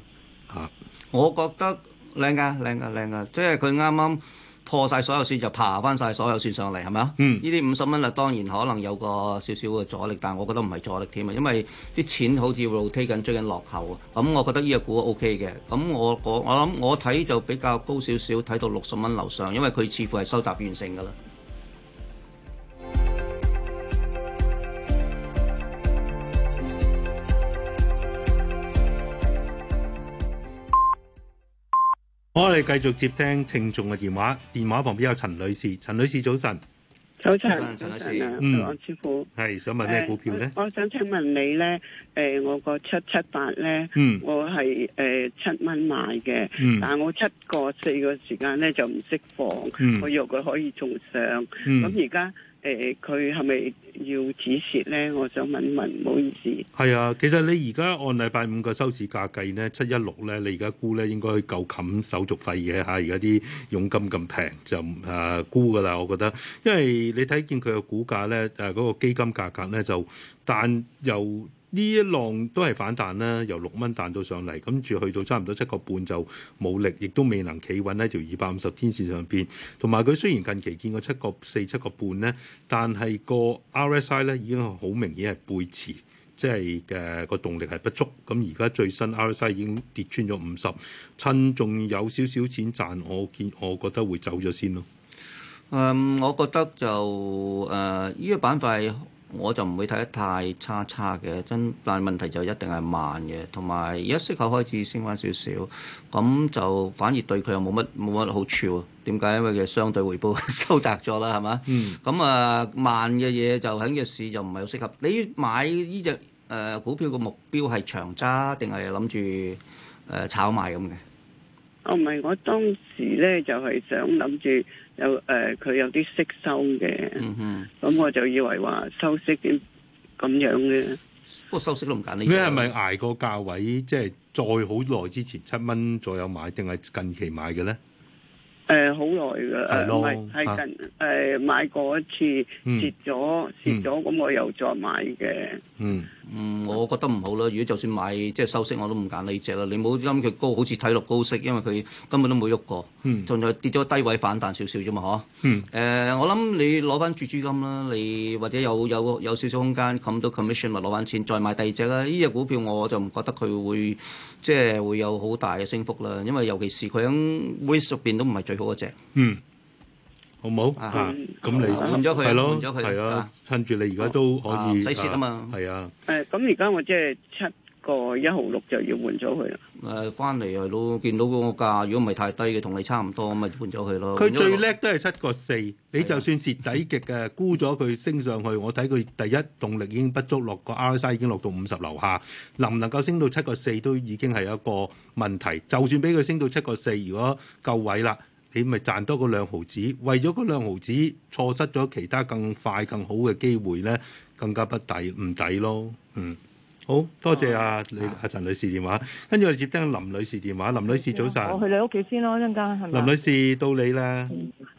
嚇，我覺得靚噶，靚噶，靚噶，即係佢啱啱。破晒所有線就爬翻晒所有線上嚟，係咪啊？嗯，呢啲五十蚊啊，當然可能有個少少嘅阻力，但係我覺得唔係阻力添啊，因為啲錢好似會推緊，最近落後啊。咁、嗯、我覺得呢隻股 O K 嘅，咁、嗯、我我我諗我睇就比較高少少，睇到六十蚊樓上，因為佢似乎係收集完成㗎啦。我哋繼續接聽聽眾嘅電話，電話旁邊有陳女士，陳女士早晨，早晨，陳女士，嗯，梁師傅係，想問咩股票咧、呃？我想請問你咧，誒、呃，我個七七八咧，嗯，我係誒、呃、七蚊買嘅，嗯，但我七個四個時間咧就唔識放，嗯，我約佢可以重上，咁而家。嗯誒佢係咪要止蝕咧？我想問問，唔好意思。係啊，其實你而家按禮拜五嘅收市價計咧，七一六咧，你而家沽咧應該夠冚手續費嘅嚇。而家啲佣金咁平就唔啊沽㗎啦，我覺得，因為你睇見佢嘅股價咧，誒、啊、嗰、那個基金價格咧就但，但又。呢一浪都係反彈啦，由六蚊彈到上嚟，跟住去到差唔多七個半就冇力，亦都未能企穩喺條二百五十天線上邊。同埋佢雖然近期見過七個四、七個半呢，但係個 RSI 呢已經好明顯係背馳，即係嘅個動力係不足。咁而家最新 RSI 已經跌穿咗五十，趁仲有少少錢賺，我見我覺得會走咗先咯。嗯，我覺得就誒呢個板塊。我就唔會睇得太差差嘅，真。但問題就一定係慢嘅，同埋而家息口開始升翻少少，咁就反而對佢又冇乜冇乜好處喎。點解？因為佢相對回報 [LAUGHS] 收窄咗啦，係嘛？嗯，嗯。咁啊，慢嘅嘢就喺嘅市就唔係好適合。你買呢隻誒股票嘅目標係長揸定係諗住誒炒賣咁嘅？哦，唔係，我當時咧就係、是、想諗住。有誒，佢、呃、有啲息收嘅，咁、嗯、哼我就以為話收息點咁樣嘅，不過、哦、收息都唔簡單。咩係咪捱個價位，即、就、係、是、再好耐之前七蚊左右買，定係近期買嘅咧？誒，好耐嘅，係 Hello, 近誒、呃、買過一次，蝕咗蝕咗，咁、嗯、我又再買嘅。嗯，嗯，我覺得唔好啦。如果就算買即係收息，我都唔揀呢隻啦。你冇諗佢高，好似睇落高息，因為佢根本都冇喐過，仲、嗯、有跌咗低位反彈少少啫嘛嗬。誒、啊嗯呃，我諗你攞翻住資金啦，你或者有有有，有，有少少空間冚到 commission 咪攞翻錢再買第二隻啦。呢隻股票我就唔覺得佢會即係會有好大嘅升幅啦，因為尤其是佢喺 whisk 入邊都唔係最最好嗰隻，嗯，好唔好？咁你換咗佢，係咯，換咗佢，係啊，趁住你而家都可以，洗蝕啊嘛，係啊。誒，咁而家我即係七個一毫六就要換咗佢啦。誒，翻嚟係咯，見到嗰個價，如果唔係太低嘅，同你差唔多，咪換咗佢咯。佢最叻都係七個四，你就算蝕底極嘅，估咗佢升上去，我睇佢第一動力已經不足，落個 RSI 已經落到五十樓下，能唔能夠升到七個四都已經係一個問題。就算俾佢升到七個四，如果夠位啦。你咪賺多個兩毫子，為咗嗰兩毫子錯失咗其他更快更好嘅機會咧，更加不抵唔抵咯，嗯。好多謝阿李阿陳女士電話，跟住我哋接聽林女士電話。林女士早晨，我去你屋企先咯，陣間係咪？林女士到你啦，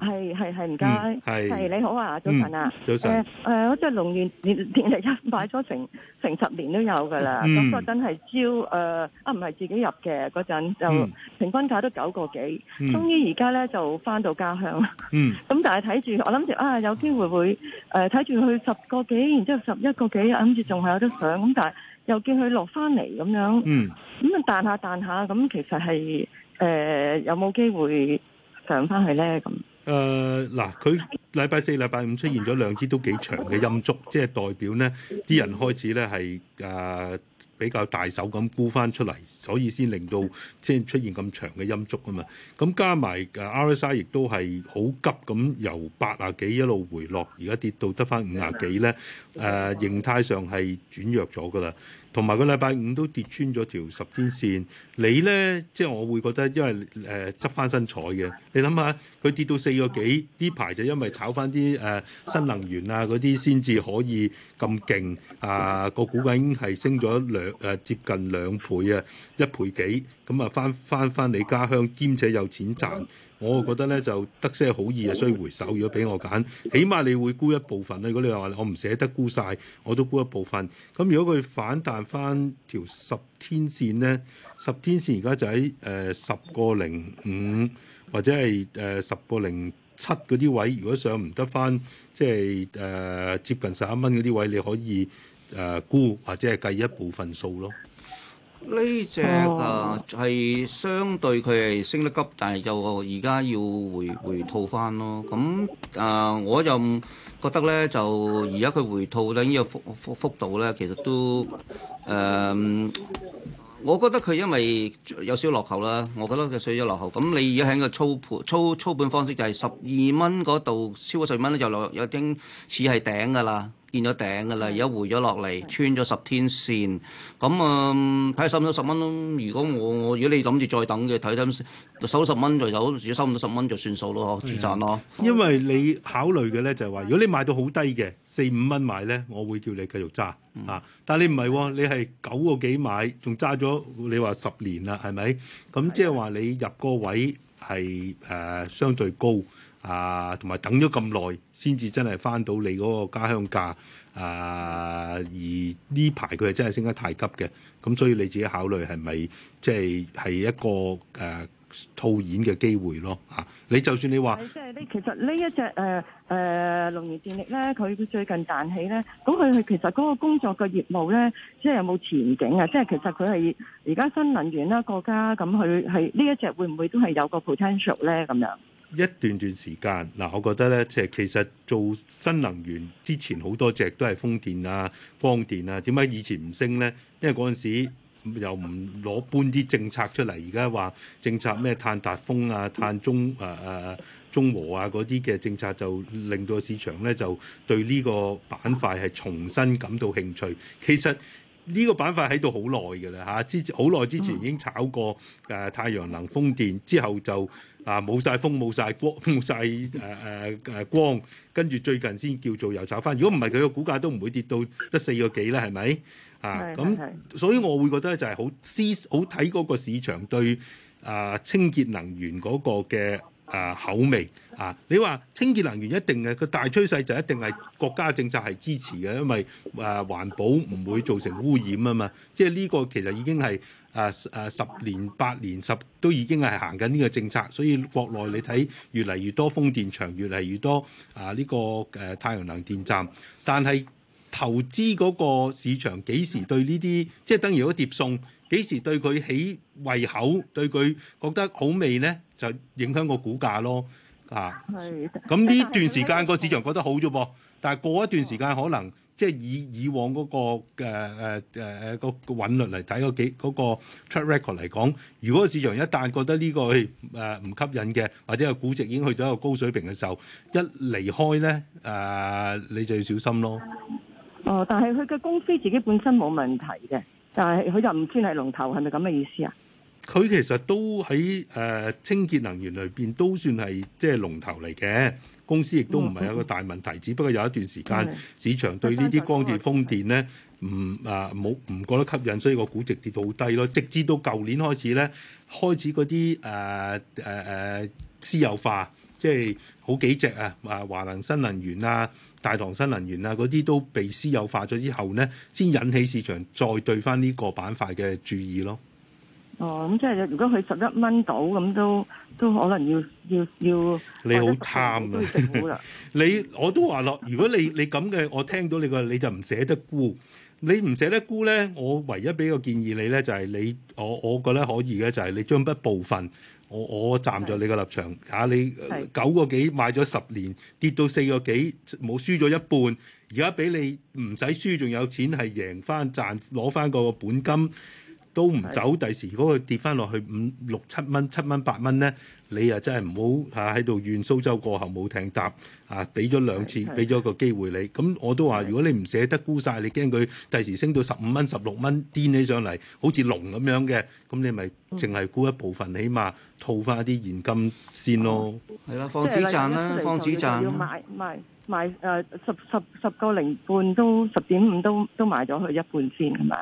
係係係唔該，係你好啊，早晨啊，早晨。誒誒，我隻龍源電力一買咗成成十年都有㗎啦，咁嗰陣係招誒啊唔係自己入嘅嗰陣就平均價都九個幾，終於而家咧就翻到家鄉啦。咁但係睇住我諗住啊有機會會誒睇住佢十個幾，然之後十一個幾，諗住仲係有得上咁，但係。又見佢落翻嚟咁樣，咁啊彈下彈下，咁其實係誒、呃、有冇機會上翻去咧？咁誒，嗱、呃，佢禮拜四、禮拜五出現咗兩支都幾長嘅陰燭，即、就、係、是、代表咧啲人開始咧係誒。比較大手咁沽翻出嚟，所以先令到即出現咁長嘅陰燭啊嘛。咁加埋 RSI 亦都係好急咁由八啊幾一路回落，而家跌到得翻五啊幾咧。誒、呃、形態上係轉弱咗㗎啦。同埋個禮拜五都跌穿咗條十天線，你咧即係我會覺得，因為誒執翻身彩嘅，你諗下佢跌到四個幾，呢排就因為炒翻啲誒新能源啊嗰啲先至可以咁勁啊，個股價已經係升咗兩誒、呃、接近兩倍啊一倍幾咁啊，翻翻翻你家鄉，兼且有錢賺。我覺得咧就得些好易，啊，所以回首。如果俾我揀，起碼你會沽一部分啦。如果你話我唔捨得沽晒，我都沽一部分。咁如果佢反彈翻條十天線咧，十天線而家就喺誒十個零五或者係誒十個零七嗰啲位。如果上唔得翻，即係誒接近十一蚊嗰啲位，你可以誒、呃、沽或者係計一部分數咯。呢隻啊係、oh. 相對佢係升得急，但係就而家要回回吐翻咯。咁、嗯、啊，我就覺得咧，就而家佢回吐咧呢個幅幅幅度咧，其實都誒、嗯，我覺得佢因為有少落後啦，我覺得佢有少少落後。咁你而家喺個操盤操操盤方式就係十二蚊嗰度超過十蚊咧，就落有啲似係頂噶啦。見咗頂㗎啦，而家回咗落嚟，穿咗十天線，咁啊，睇下收唔到十蚊咯。如果我我如果你諗住再等嘅，睇睇收十蚊就收，如果收唔到十蚊就算數咯，止賺咯。因為你考慮嘅咧就係話，如果你買到好低嘅四五蚊買咧，我會叫你繼續揸啊。但你唔係喎，你係九個幾買，仲揸咗你話十年啦，係咪？咁即係話你入個位係誒、呃、相對高。啊，同埋等咗咁耐，先至真係翻到你嗰個家鄉價啊！而呢排佢係真係升得太急嘅，咁所以你自己考慮係咪即係係一個誒、啊、套現嘅機會咯？嚇、啊！你就算你話，即係、呃、呢，其實呢一隻誒誒龍源電力咧，佢最近彈起咧，咁佢係其實嗰個工作嘅業務咧，即係有冇前景啊？即係其實佢係而家新能源啦，國家咁佢係呢一隻會唔會都係有個 potential 咧咁樣？一段段時間，嗱，我覺得咧，即係其實做新能源之前好多隻都係風電啊、光電啊，點解以前唔升咧？因為嗰陣時又唔攞搬啲政策出嚟，而家話政策咩碳達峰啊、碳中誒誒、呃、中和啊嗰啲嘅政策，就令到個市場咧就對呢個板塊係重新感到興趣。其實呢個板塊喺度好耐㗎啦嚇，之好耐之前已經炒過誒、呃、太陽能風電，之後就。啊！冇晒風冇晒光冇晒誒誒誒光，跟住、呃呃、最近先叫做油炒翻。如果唔係佢個股價都唔會跌到得四個幾啦，係咪？啊，咁、啊、所以我會覺得就係好思好睇嗰個市場對啊清潔能源嗰個嘅啊口味啊。你話清潔能源一定係個大趨勢，就一定係國家政策係支持嘅，因為誒、啊、環保唔會造成污染啊嘛。即係呢個其實已經係。啊啊！十年八年十都已經係行緊呢個政策，所以國內你睇越嚟越多風電場，越嚟越多啊呢、呢個誒、啊、太陽能電站，但係投資嗰個市場幾時對呢啲，即係等於有啲碟餸，幾時對佢起胃口，對佢覺得好味呢，就影響個股價咯。嚇、啊，咁呢段時間、呢個市場覺得好咗噃，但係過一段時間可能。即係以以往嗰、那個誒誒誒個個韻律嚟睇嗰幾個 track record 嚟講，如果市場一旦覺得呢個誒唔、呃、吸引嘅，或者個估值已經去到一個高水平嘅時候，一離開咧誒、呃，你就要小心咯。哦，但係佢嘅公司自己本身冇問題嘅，但係佢就唔算係龍頭，係咪咁嘅意思啊？佢其實都喺誒、呃、清潔能源裏邊都算係即係龍頭嚟嘅。公司亦都唔係一個大問題，嗯、只不過有一段時間、嗯、市場對呢啲光電風電咧唔啊冇唔覺得吸引，所以個估值跌到好低咯。直至到舊年開始咧，開始嗰啲誒誒誒私有化，即係好幾隻啊，華、啊、華能新能源啊、大唐新能源啊嗰啲都被私有化咗之後咧，先引起市場再對返呢個板塊嘅注意咯。哦，咁、嗯、即係如果佢十一蚊到，咁都都可能要要要，要你好貪啊！ [LAUGHS] 你我都話咯，如果你你咁嘅，我聽到你個你就唔捨得沽，你唔捨得沽咧，我唯一俾個建議你咧就係、是、你，我我覺得可以嘅就係、是、你將一部分，我我站在你個立場嚇的、啊，你九個幾買咗十年，跌到四個幾，冇輸咗一半，而家俾你唔使輸，仲有錢係贏翻賺攞翻個本金，都唔走，第時如果佢跌翻落去五六七蚊、七蚊八蚊咧，你又真係唔好嚇喺度怨蘇州過後冇艇搭，啊！俾咗兩次，俾咗個機會你。咁我都話，如果你唔捨得沽晒，你驚佢第時升到十五蚊、十六蚊，癲起上嚟，好似龍咁樣嘅，咁你咪淨係沽一部分，起碼套翻啲現金先咯。係啦、嗯，放子賺啦，放子賺。要賣賣賣！誒，十十十個零半都十點五都都買咗佢一半先係嘛？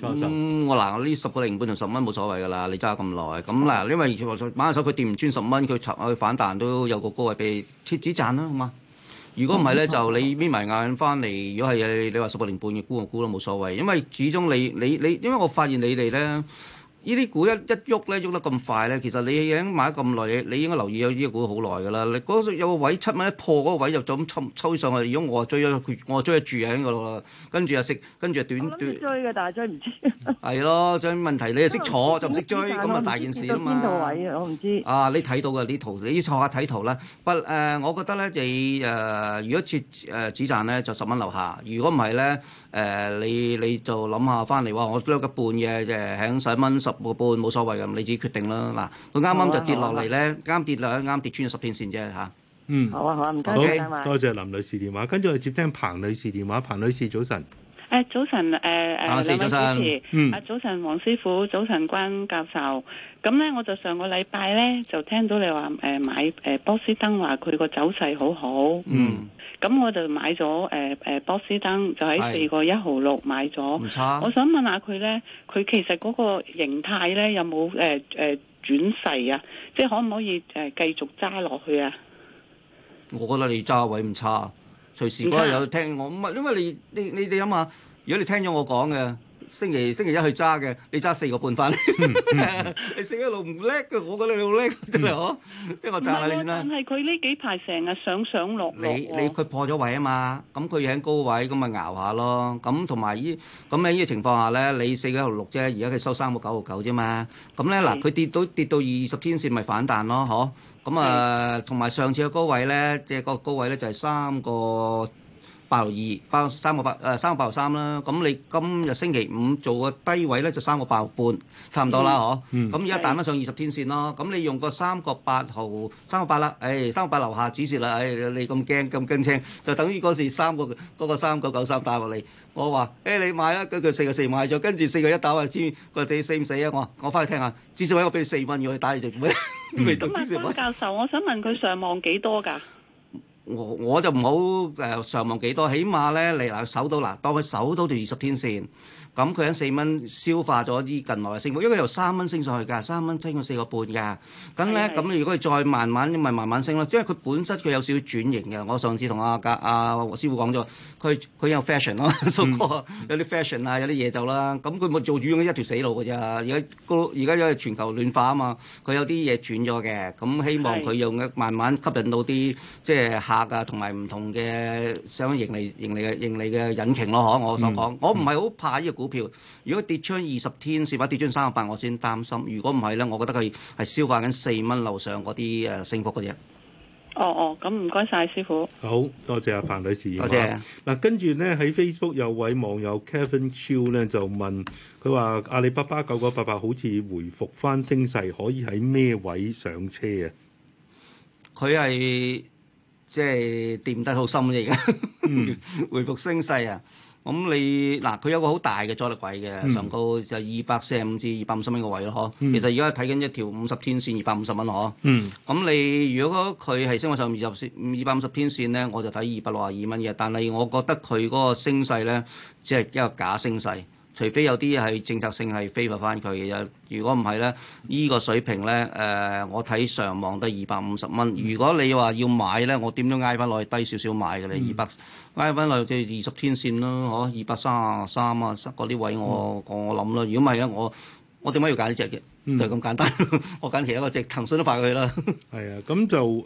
咁我嗱，我呢十個零半同十蚊冇所謂噶啦，你揸咁耐，咁嗱、嗯，因為完全話買下手佢掂唔穿十蚊，佢尋佢反彈都有個高位俾你設止賺啦，好嘛？如果唔係咧，嗯、就你搣埋眼翻嚟，如果係你話十個零半嘅估，我估都冇所謂，因為始終你你你，你，因為我發現你哋咧。呢啲股一一喐咧，喐得咁快咧，其實你已經買咁耐，你應該留意有呢個股好耐㗎啦。嗰個有個位七蚊一破嗰個位就咗咁抽抽上去，如果我追咗，我追住住喺嗰度啦。跟住又食，跟住短短追嘅，但係追唔住。係咯，所以問題你又識坐就唔識追，咁啊大件事啊嘛。到邊度位啊？我唔知。啊，你睇到嘅啲圖，你坐下睇圖啦。不誒，我覺得咧，你誒如果設誒止賺咧，就十蚊留下。如果唔係咧，誒你你就諗下翻嚟話，我攞一半嘅誒係五十蚊十。個半冇所謂噶，你自己決定啦。嗱，佢啱啱就跌落嚟咧，啱跌落，啱跌穿咗十天線啫吓，嗯，好啊，好啊，唔該。多謝林女士電話，跟住我接聽彭女士電話。彭女士早晨。誒，早晨，誒誒，梁先生，啊，早晨，黃師傅，早晨，關教授。咁咧，我就上個禮拜咧就聽到你話，誒，買誒波斯登，話佢個走勢好好，嗯。嗯咁、嗯、我就買咗誒誒波司登，就喺四個一毫六買咗。唔錯差。我想問下佢咧，佢其實嗰個形態咧有冇誒誒轉勢啊？即係可唔可以誒繼、呃、續揸落去啊？我覺得你揸位唔差，隨時應該有聽我。唔係差，因為你你你你諗下，如果你聽咗我講嘅。星期星期一去揸嘅，你揸四個半翻嚟，你四一路唔叻嘅，我覺得你好叻真係呵，俾我揸下先啦。唔係啊，但係佢呢幾排成日上上落落。你你佢破咗位啊嘛，咁佢喺高位咁咪熬下咯。咁同埋依咁樣喺依個情況下咧，你四九六啫，而家佢收三個九毫九啫嘛。咁咧嗱，佢跌到跌到二十天線咪反彈咯，嗬。咁啊，同埋上次嘅高位咧，即係個高位咧就係三個八號二包三個八，誒三個八號三啦。咁你今日星期五做個低位咧，就三個八號半，差唔多啦，嗬。咁而家彈翻上二十天線咯。咁你用個三個八號三個八啦，誒三個八樓下止蝕啦，誒你咁驚咁驚青，就等於嗰時三個嗰個三個九三打落嚟。我話誒你買啦，跟住四個四買咗，跟住四個一打啊，知個仔死唔死啊，我我翻去聽下。止蝕位我俾你四蚊，我打你做咩？唔係特。問關教授，我想問佢上網幾多㗎？我我就唔好誒上望幾多，起碼咧你嗱守到嗱，當佢守到條二十天線。咁佢喺四蚊消化咗啲近來嘅升幅，因為由三蚊升上去㗎，三蚊升到四個半㗎。咁咧，咁如果佢再慢慢，咪慢慢升咯。因為佢本身佢有少少轉型嘅。我上次同阿格阿師傅講咗，佢佢有 fashion 咯，叔哥有啲 fashion 啦，有啲嘢就啦。咁佢咪做主業一條死路㗎啫。而家個而家因為全球暖化啊嘛，佢有啲嘢轉咗嘅。咁希望佢用嘅慢慢吸引到啲即係客啊，同埋唔同嘅想盈利盈利嘅盈利嘅引擎咯。我我所講，我唔係好怕呢個股。股票如果跌穿二十天線是否跌穿三十八？我先擔心。如果唔係咧，我覺得佢係消化緊四蚊樓上嗰啲誒升幅嘅啫，哦。哦哦，咁唔該晒師傅，好多謝阿彭女士。多謝、啊。嗱，跟住咧喺、啊啊、Facebook 有位網友 Kevin Chew 咧就問佢話阿里巴巴九九八八好似回復翻升勢，可以喺咩位上車啊？佢係。即係掂得好深啫，而家回復升勢啊！咁、嗯、你嗱，佢有個好大嘅阻力位嘅，上高就二百四十五至二百五十蚊嘅位咯，嗬、嗯。其實而家睇緊一條五十天線二百五十蚊，嗬。咁、嗯、你如果佢係升到上二十線二百五十天線咧，我就睇二百六十二蚊嘅。但係我覺得佢嗰個升勢咧，只係一個假升勢。除非有啲係政策性係飛發翻佢嘅，如果唔係咧，呢、呢個水平咧，誒、呃，我睇上網都二百五十蚊。如果你話要買咧，我點都嗌翻落去低少少買嘅咧，二百嗌翻落去二十天線咯，嗬，二百三啊三啊，嗰啲位我、嗯、我諗咯。如果唔係咧，我我點解要揀呢隻嘅？就咁簡單，我揀其一嗰隻騰訊都快過佢啦。係啊，咁就誒，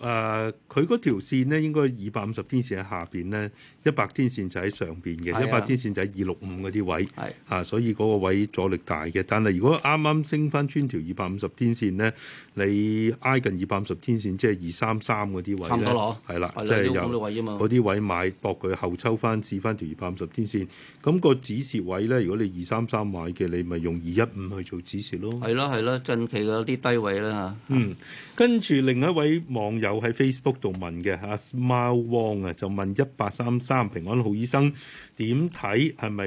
佢嗰條線咧應該二百五十天線喺下邊呢，一百天線就喺上邊嘅。一百天線就喺二六五嗰啲位，係啊，所以嗰個位阻力大嘅。但係如果啱啱升翻穿條二百五十天線呢，你挨近二百五十天線，即係二三三嗰啲位。差唔多咯。係啦，即係有嗰啲位買博佢後抽翻至翻條二百五十天線。咁個止蝕位呢，如果你二三三買嘅，你咪用二一五去做止蝕咯。係啦，係啦。近期有啲低位啦嚇，嗯，跟住另一位網友喺 Facebook 度問嘅，阿 Smile Wong 啊，就問一八三三平安好醫生點睇？係咪，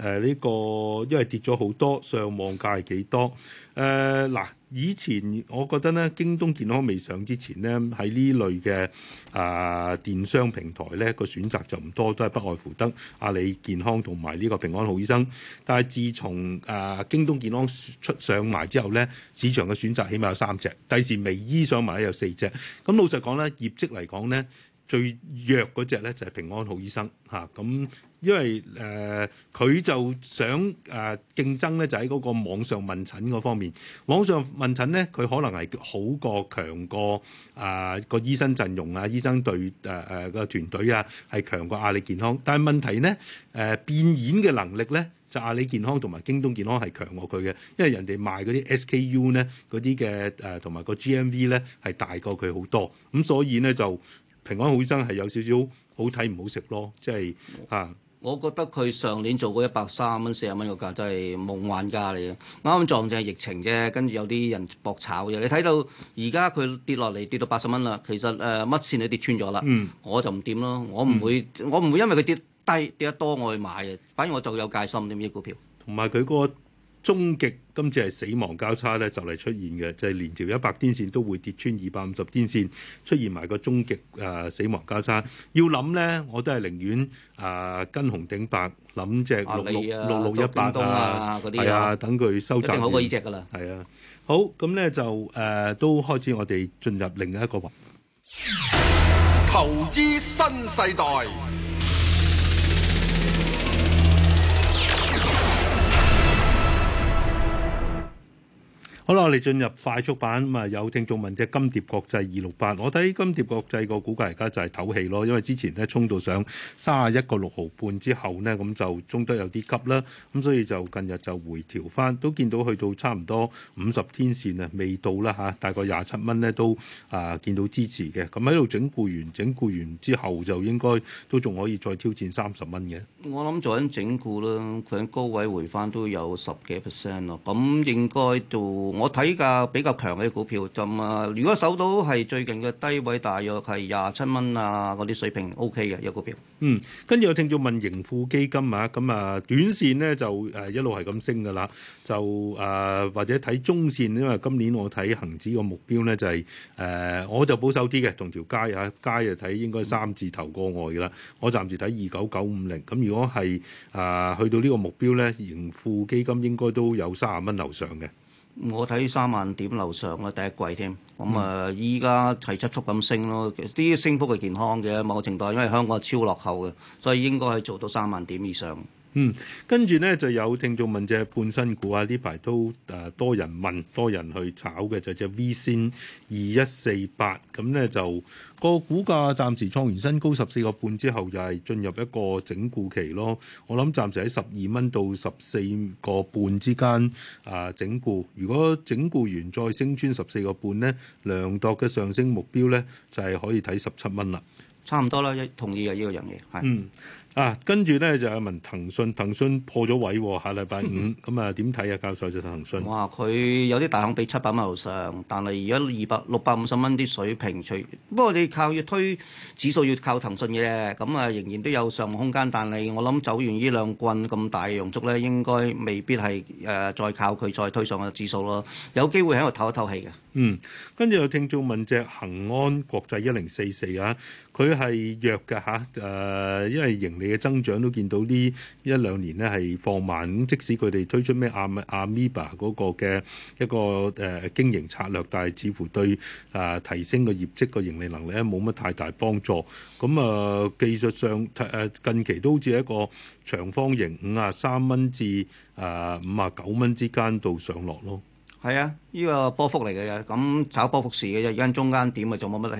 誒呢個，因為跌咗好多，上網價係幾多誒嗱。呃以前我覺得咧，京東健康未上之前咧，喺呢類嘅啊、呃、電商平台咧，個選擇就唔多，都係不外乎得阿里健康同埋呢個平安好醫生。但係自從啊、呃、京東健康出上埋之後咧，市場嘅選擇起碼有三隻，第時微醫上埋有四隻。咁老實講咧，業績嚟講咧。最弱嗰隻咧就係平安好醫生嚇，咁、啊、因為誒佢、呃、就想誒、呃、競爭咧就喺嗰個網上問診嗰方面，網上問診咧佢可能係好過強過啊個醫生陣容啊，醫生隊誒誒個團隊啊係強過阿里健康，但係問題咧誒、呃、變現嘅能力咧就阿里健康同埋京東健康係強過佢嘅，因為人哋賣嗰啲 SKU 咧嗰啲嘅誒同埋個 GMV 咧係大過佢好多，咁、嗯、所以咧就。就平安好生係有少少好睇唔好食咯，即係嚇。啊、我覺得佢上年做過一百三蚊、四十蚊個價，真係夢幻價嚟嘅。啱啱撞正係疫情啫，跟住有啲人搏炒嘅。你睇到而家佢跌落嚟，跌到八十蚊啦。其實誒乜線都跌穿咗啦。嗯，我就唔掂咯，我唔會，嗯、我唔會因為佢跌低跌得多我去買嘅。反而我就有戒心呢啲股票。同埋佢嗰個。終極今次係死亡交叉咧，就嚟出現嘅，就係連條一百天線都會跌穿二百五十天線，出現埋個終極誒、呃、死亡交叉。要諗咧，我都係寧願誒、呃、跟紅頂白，諗隻六六六六一百啊，係啊，啊哎、等佢收窄。一隻好過呢隻㗎啦。係啊，好咁咧就誒、呃、都開始我哋進入另一個環投資新世代。好啦，我哋進入快速版。咁啊，有聽眾問隻金蝶國際二六八，我睇金蝶國際個股價而家就係唞氣咯，因為之前咧衝到上三十一個六毫半之後呢，咁就衝得有啲急啦。咁所以就近日就回調翻，都見到去到差唔多五十天線啊，未到啦嚇、啊，大概廿七蚊呢都啊見到支持嘅。咁喺度整固完，整固完之後就應該都仲可以再挑戰三十蚊嘅。我諗做緊整固啦，佢喺高位回翻都有十幾 percent 咯，咁應該到。我睇價比較強嘅股票，咁啊，如果守到係最近嘅低位，大約係廿七蚊啊，嗰啲水平 O K 嘅有股票。嗯，跟住有聽眾問盈富基金啊，咁啊，短線咧就誒一路係咁升噶啦，就誒、啊、或者睇中線，因為今年我睇恒指個目標咧就係、是、誒、啊，我就保守啲嘅，同條街啊，街啊睇應該三字頭過外噶啦。我暫時睇二九九五零，咁如果係啊去到呢個目標咧，盈富基金應該都有三十蚊樓上嘅。我睇三萬點樓上咯，第一季添。咁啊、嗯，依家急速咁升咯，啲升幅係健康嘅。某程度因為香港係超落後嘅，所以應該係做到三萬點以上。嗯，跟住咧就有聽眾問隻半新股啊，呢排都誒、呃、多人問，多人去炒嘅就隻 V 先二一四八，咁咧就、個股價暫時創完新高十四個半之後，又係進入一個整固期咯。我諗暫時喺十二蚊到十四個半之間啊、呃、整固。如果整固完再升穿十四個半呢，量度嘅上升目標咧就係、是、可以睇十七蚊啦。差唔多啦，同意啊呢個樣嘢，嗯。啊，跟住咧就阿文，騰訊騰訊破咗位喎，下禮拜五咁啊點睇啊？教授就騰訊，哇佢有啲大行俾七百蚊樓上，但係而家二百六百五十蚊啲水平，除不過你靠要推指數要靠騰訊嘅，咁啊仍然都有上行空間，但係我諗走完呢兩棍咁大嘅容足咧，應該未必係誒、呃、再靠佢再推上個指數咯，有機會喺度透一透氣嘅。嗯，跟住有聽眾問隻恆安國際一零四四啊，佢係弱嘅嚇，誒、啊，因為盈利嘅增長都見到呢一兩年咧係放慢，咁即使佢哋推出咩亞亞米巴嗰個嘅一個誒、啊、經營策略，但係似乎對誒、啊、提升個業績個盈利能力咧冇乜太大幫助。咁啊技術上誒、啊、近期都好似一個長方形，五十三蚊至誒五十九蚊之間度上落咯。係啊，呢個波幅嚟嘅嘢，咁炒波幅市嘅啫，間中間點咪就冇乜，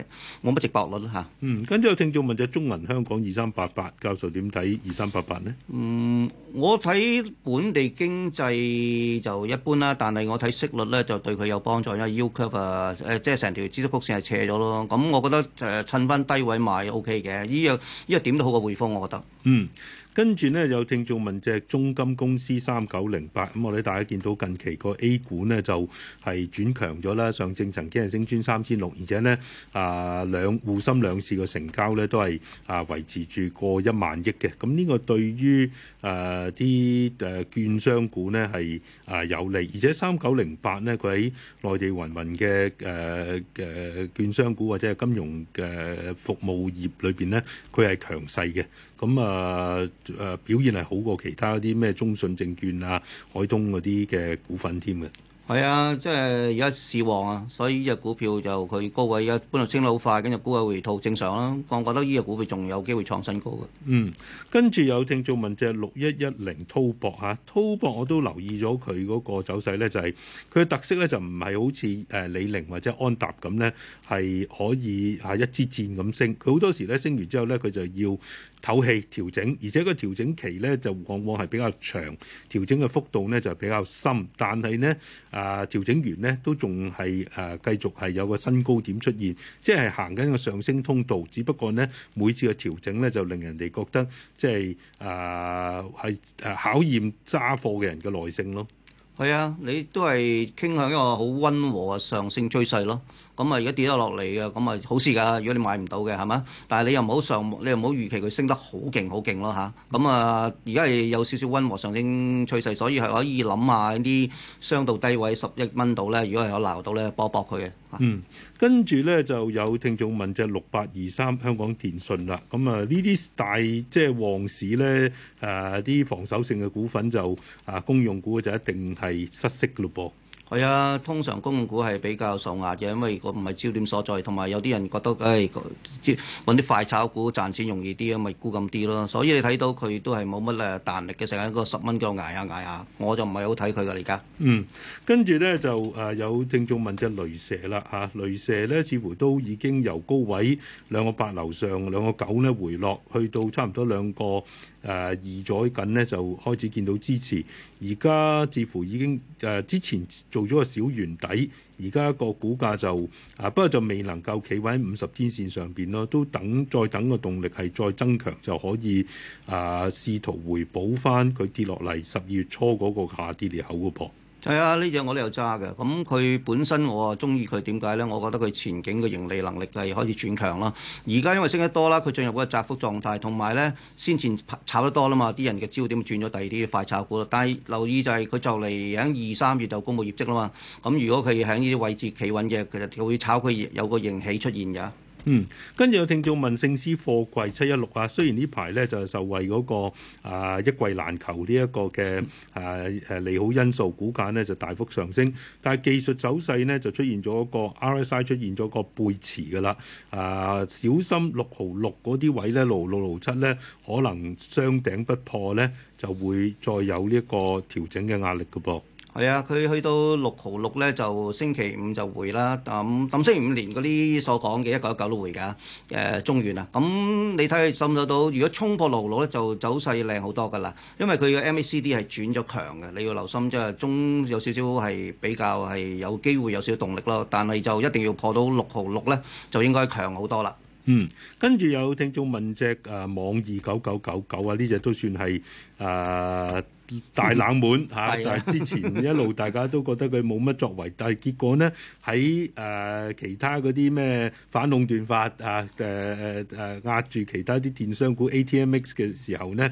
冇乜值博率咯嚇，嗯，跟住有聽眾問就中文香港二三八八，教授點睇二三八八呢？嗯，我睇本地經濟就一般啦，但係我睇息率呢，就對佢有幫助，因為 U curve 啊，誒，即係成條資產曲線係斜咗咯。咁我覺得誒，趁翻低位買 OK 嘅，呢樣依個點都好過匯豐，我覺得。嗯。跟住咧，有聽眾問隻中金公司三九零八。咁我哋大家見到近期個 A 股呢，就係轉強咗啦，上證曾經升穿三千六，而且呢，啊兩滬深兩市個成交呢，都係啊維持住過一萬億嘅。咁、嗯、呢、呢個對於啊啲誒券商股呢，係啊、呃、有利，而且三九零八呢，佢喺內地雲雲嘅誒誒券商股或者係金融嘅服務業裏邊呢，佢係強勢嘅。咁啊誒表現係好過其他啲咩中信證券啊、海通嗰啲嘅股份添嘅。係啊，即係而家市旺啊，所以呢隻股票就佢高位而家本來升得好快，跟住高位回吐正常啦、啊。我覺得呢隻股票仲有機會創新高嘅。嗯，跟住有聽眾問隻六一一零滔博嚇、啊，滔博我都留意咗佢嗰個走勢咧，就係佢嘅特色咧，就唔係好似誒李寧或者安踏咁咧，係可以嚇一支箭咁升。佢好多時咧升完之後咧，佢就要。唞氣調整，而且個調整期咧就往往係比較長，調整嘅幅度咧就比較深，但係呢，啊、呃、調整完呢都仲係啊繼續係有個新高點出現，即係行緊個上升通道，只不過呢，每次嘅調整咧就令人哋覺得即係啊係啊考驗揸貨嘅人嘅耐性咯。係啊，你都係傾向一個好温和嘅上升趨勢咯。咁啊，而家跌咗落嚟嘅，咁啊好事㗎。如果你買唔到嘅，係嘛？但係你又唔好上，你又唔好預期佢升得好勁好勁咯吓，咁啊，而家係有少少温和上升趨勢，所以係可以諗下啲相對低位十億蚊度咧，如果係有鬧到咧，博博佢嘅。啊、嗯，跟住咧就有聽眾問隻六八二三香港電訊啦。咁、嗯、啊，呢啲大即係旺市咧，誒啲防守性嘅股份就啊公用股就一定係失色㗎咯噃。係啊、哎，通常公用股係比較受壓嘅，因為如果唔係焦點所在，同埋有啲人覺得，唉、哎，揾啲快炒股賺錢容易啲啊，咪沽咁啲咯。所以你睇到佢都係冇乜誒彈力嘅，成日喺個十蚊腳捱下捱下。我就唔係好睇佢㗎，而家。嗯，跟住咧就誒有聽眾問隻雷蛇啦嚇、啊，雷蛇咧似乎都已經由高位兩個八樓上兩個九咧回落，去到差唔多兩個。誒移咗緊呢，就開始見到支持。而家似乎已經誒、啊、之前做咗個小圓底，而家個股價就啊，不過就未能夠企穩五十天線上邊咯。都等再等個動力係再增強，就可以啊試圖回補翻佢跌落嚟十二月初嗰個下跌裂口後波。係啊，呢隻我都有揸嘅。咁佢本身我啊中意佢點解咧？我覺得佢前景嘅盈利能力係開始轉強啦。而家因為升得多啦，佢進入嗰個窄幅狀態，同埋咧先前炒得多啦嘛，啲人嘅焦點轉咗第二啲快炒股啦。但係留意就係佢就嚟喺二三月就公布業績啦嘛。咁如果佢喺呢啲位置企穩嘅，其實會炒佢有個形起出現㗎。嗯，跟住有聽眾問勝獅貨櫃七一六啊，雖然呢排咧就是、受惠嗰、那個啊一櫃難求呢一個嘅啊誒、啊、利好因素，股價咧就大幅上升，但係技術走勢呢就出現咗個 RSI 出現咗個背馳嘅啦。啊，小心六毫六嗰啲位咧，六六六七咧，可能雙頂不破咧，就會再有呢一個調整嘅壓力嘅噃。係啊，佢去到六毫六咧，就星期五就回啦。咁、嗯，咁星期五連嗰啲所講嘅一九一九都回㗎。誒、呃，中原啊，咁、嗯、你睇佢滲唔滲到？如果衝破六毫六咧，就走勢靚好多㗎啦。因為佢嘅 MACD 係轉咗強嘅，你要留心即係、就是、中有少少係比較係有機會有少少動力咯。但係就一定要破到六毫六咧，就應該強好多啦。嗯，跟住有聽眾問隻誒網二九九九九啊，呢隻都算係誒。啊 [LAUGHS] 大冷門嚇，但係之前一路大家都覺得佢冇乜作為，但係結果呢喺誒、呃、其他嗰啲咩反壟斷法啊誒誒誒壓住其他啲電商股 ATMX 嘅時候呢，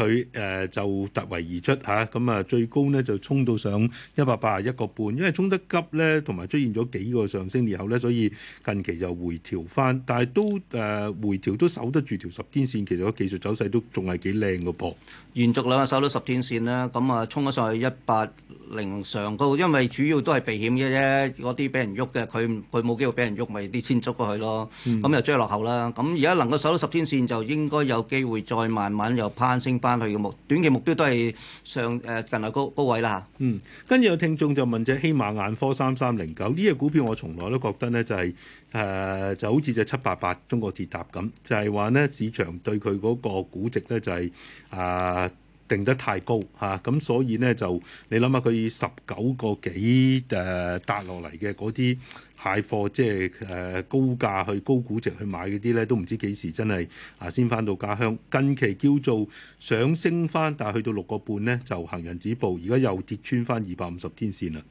佢誒就突圍而出嚇，咁啊最高咧就衝到上一百八十一個半，因為衝得急咧，同埋出現咗幾個上升然後呢，所以近期就回調翻，但係都誒回調都守得住條十天線，其實個技術走勢都仲係幾靚嘅噃。連續兩日守到十天線啦，咁啊衝咗上去一百零上高，因為主要都係避險嘅啫，嗰啲俾人喐嘅，佢佢冇機會俾人喐，咪跌千足過去咯，咁又追落後啦。咁而家能夠守到十天線，就應該有機會再慢慢又攀升翻。翻去嘅目短期目標都係上誒近下高高位啦，嗯，跟住有聽眾就問隻希馬眼科三三零九呢隻股票，我從來都覺得呢就係、是、誒、呃、就好似隻七八八中國鐵塔咁，就係、是、話呢市場對佢嗰個估值呢就係、是、啊。呃定得太高嚇，咁、啊、所以呢，就你諗、呃、下佢十九個幾誒跌落嚟嘅嗰啲蟹貨，即係誒、呃、高價去高估值去買嗰啲呢都唔知幾時真係啊先翻到家鄉。近期叫做想升翻，但係去到六個半呢，就行人止步，而家又跌穿翻二百五十天線啦。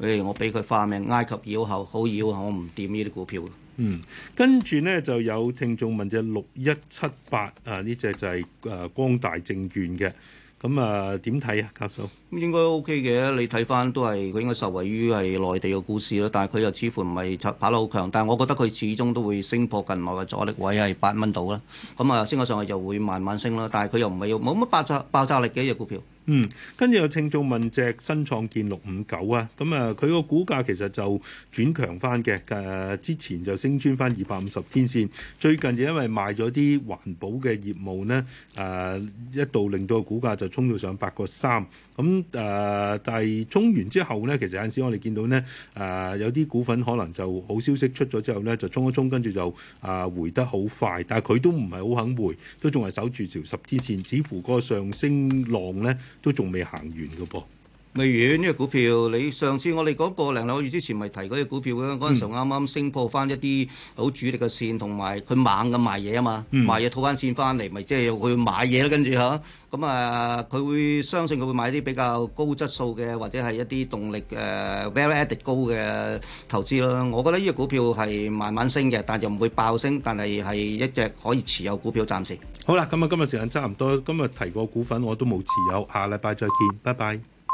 誒、欸，我俾佢化名埃及妖后，好妖啊！我唔掂呢啲股票。嗯，跟住呢，就有聽眾問隻六一七八啊，呢隻就係誒光大證券嘅。咁啊，點睇、嗯、啊，教授？應該 OK 嘅，你睇返都係佢應該受惠於係內地嘅股市啦。但係佢又似乎唔係踩得好強，但係我覺得佢始終都會升破近來嘅阻力位係八蚊度啦。咁、嗯、啊，升咗上去就會慢慢升啦。但係佢又唔係要冇乜爆炸爆炸力嘅一隻股票。嗯，跟住又慶祝問隻新創建六五九啊，咁啊佢個股價其實就轉強翻嘅，誒、啊、之前就升穿翻二百五十天線，最近就因為賣咗啲環保嘅業務呢，誒、啊、一度令到個股價就衝到上八個三，咁誒但係衝完之後呢，其實有陣時我哋見到呢，誒、啊、有啲股份可能就好消息出咗之後呢，就衝一衝，跟住就誒回得好快，但係佢都唔係好肯回，都仲係守住條十天線，似乎個上升浪呢，都仲未行完嘅噃。未完呢隻股票，你上次我哋講個零兩月之前，咪提嗰隻股票嘅嗰陣時，啱啱升破翻一啲好主力嘅線，同埋佢猛咁賣嘢啊嘛，賣嘢套翻線翻嚟，咪即係又去買嘢咯，跟住吓。咁啊，佢會相信佢會買啲比較高質素嘅，或者係一啲動力誒 very high 嘅投資咯。我覺得呢隻股票係慢慢升嘅，但係又唔會爆升，但係係一隻可以持有股票暫時。好啦，咁啊，今日時間差唔多，今日提過股份我都冇持有，下禮拜再見，拜拜。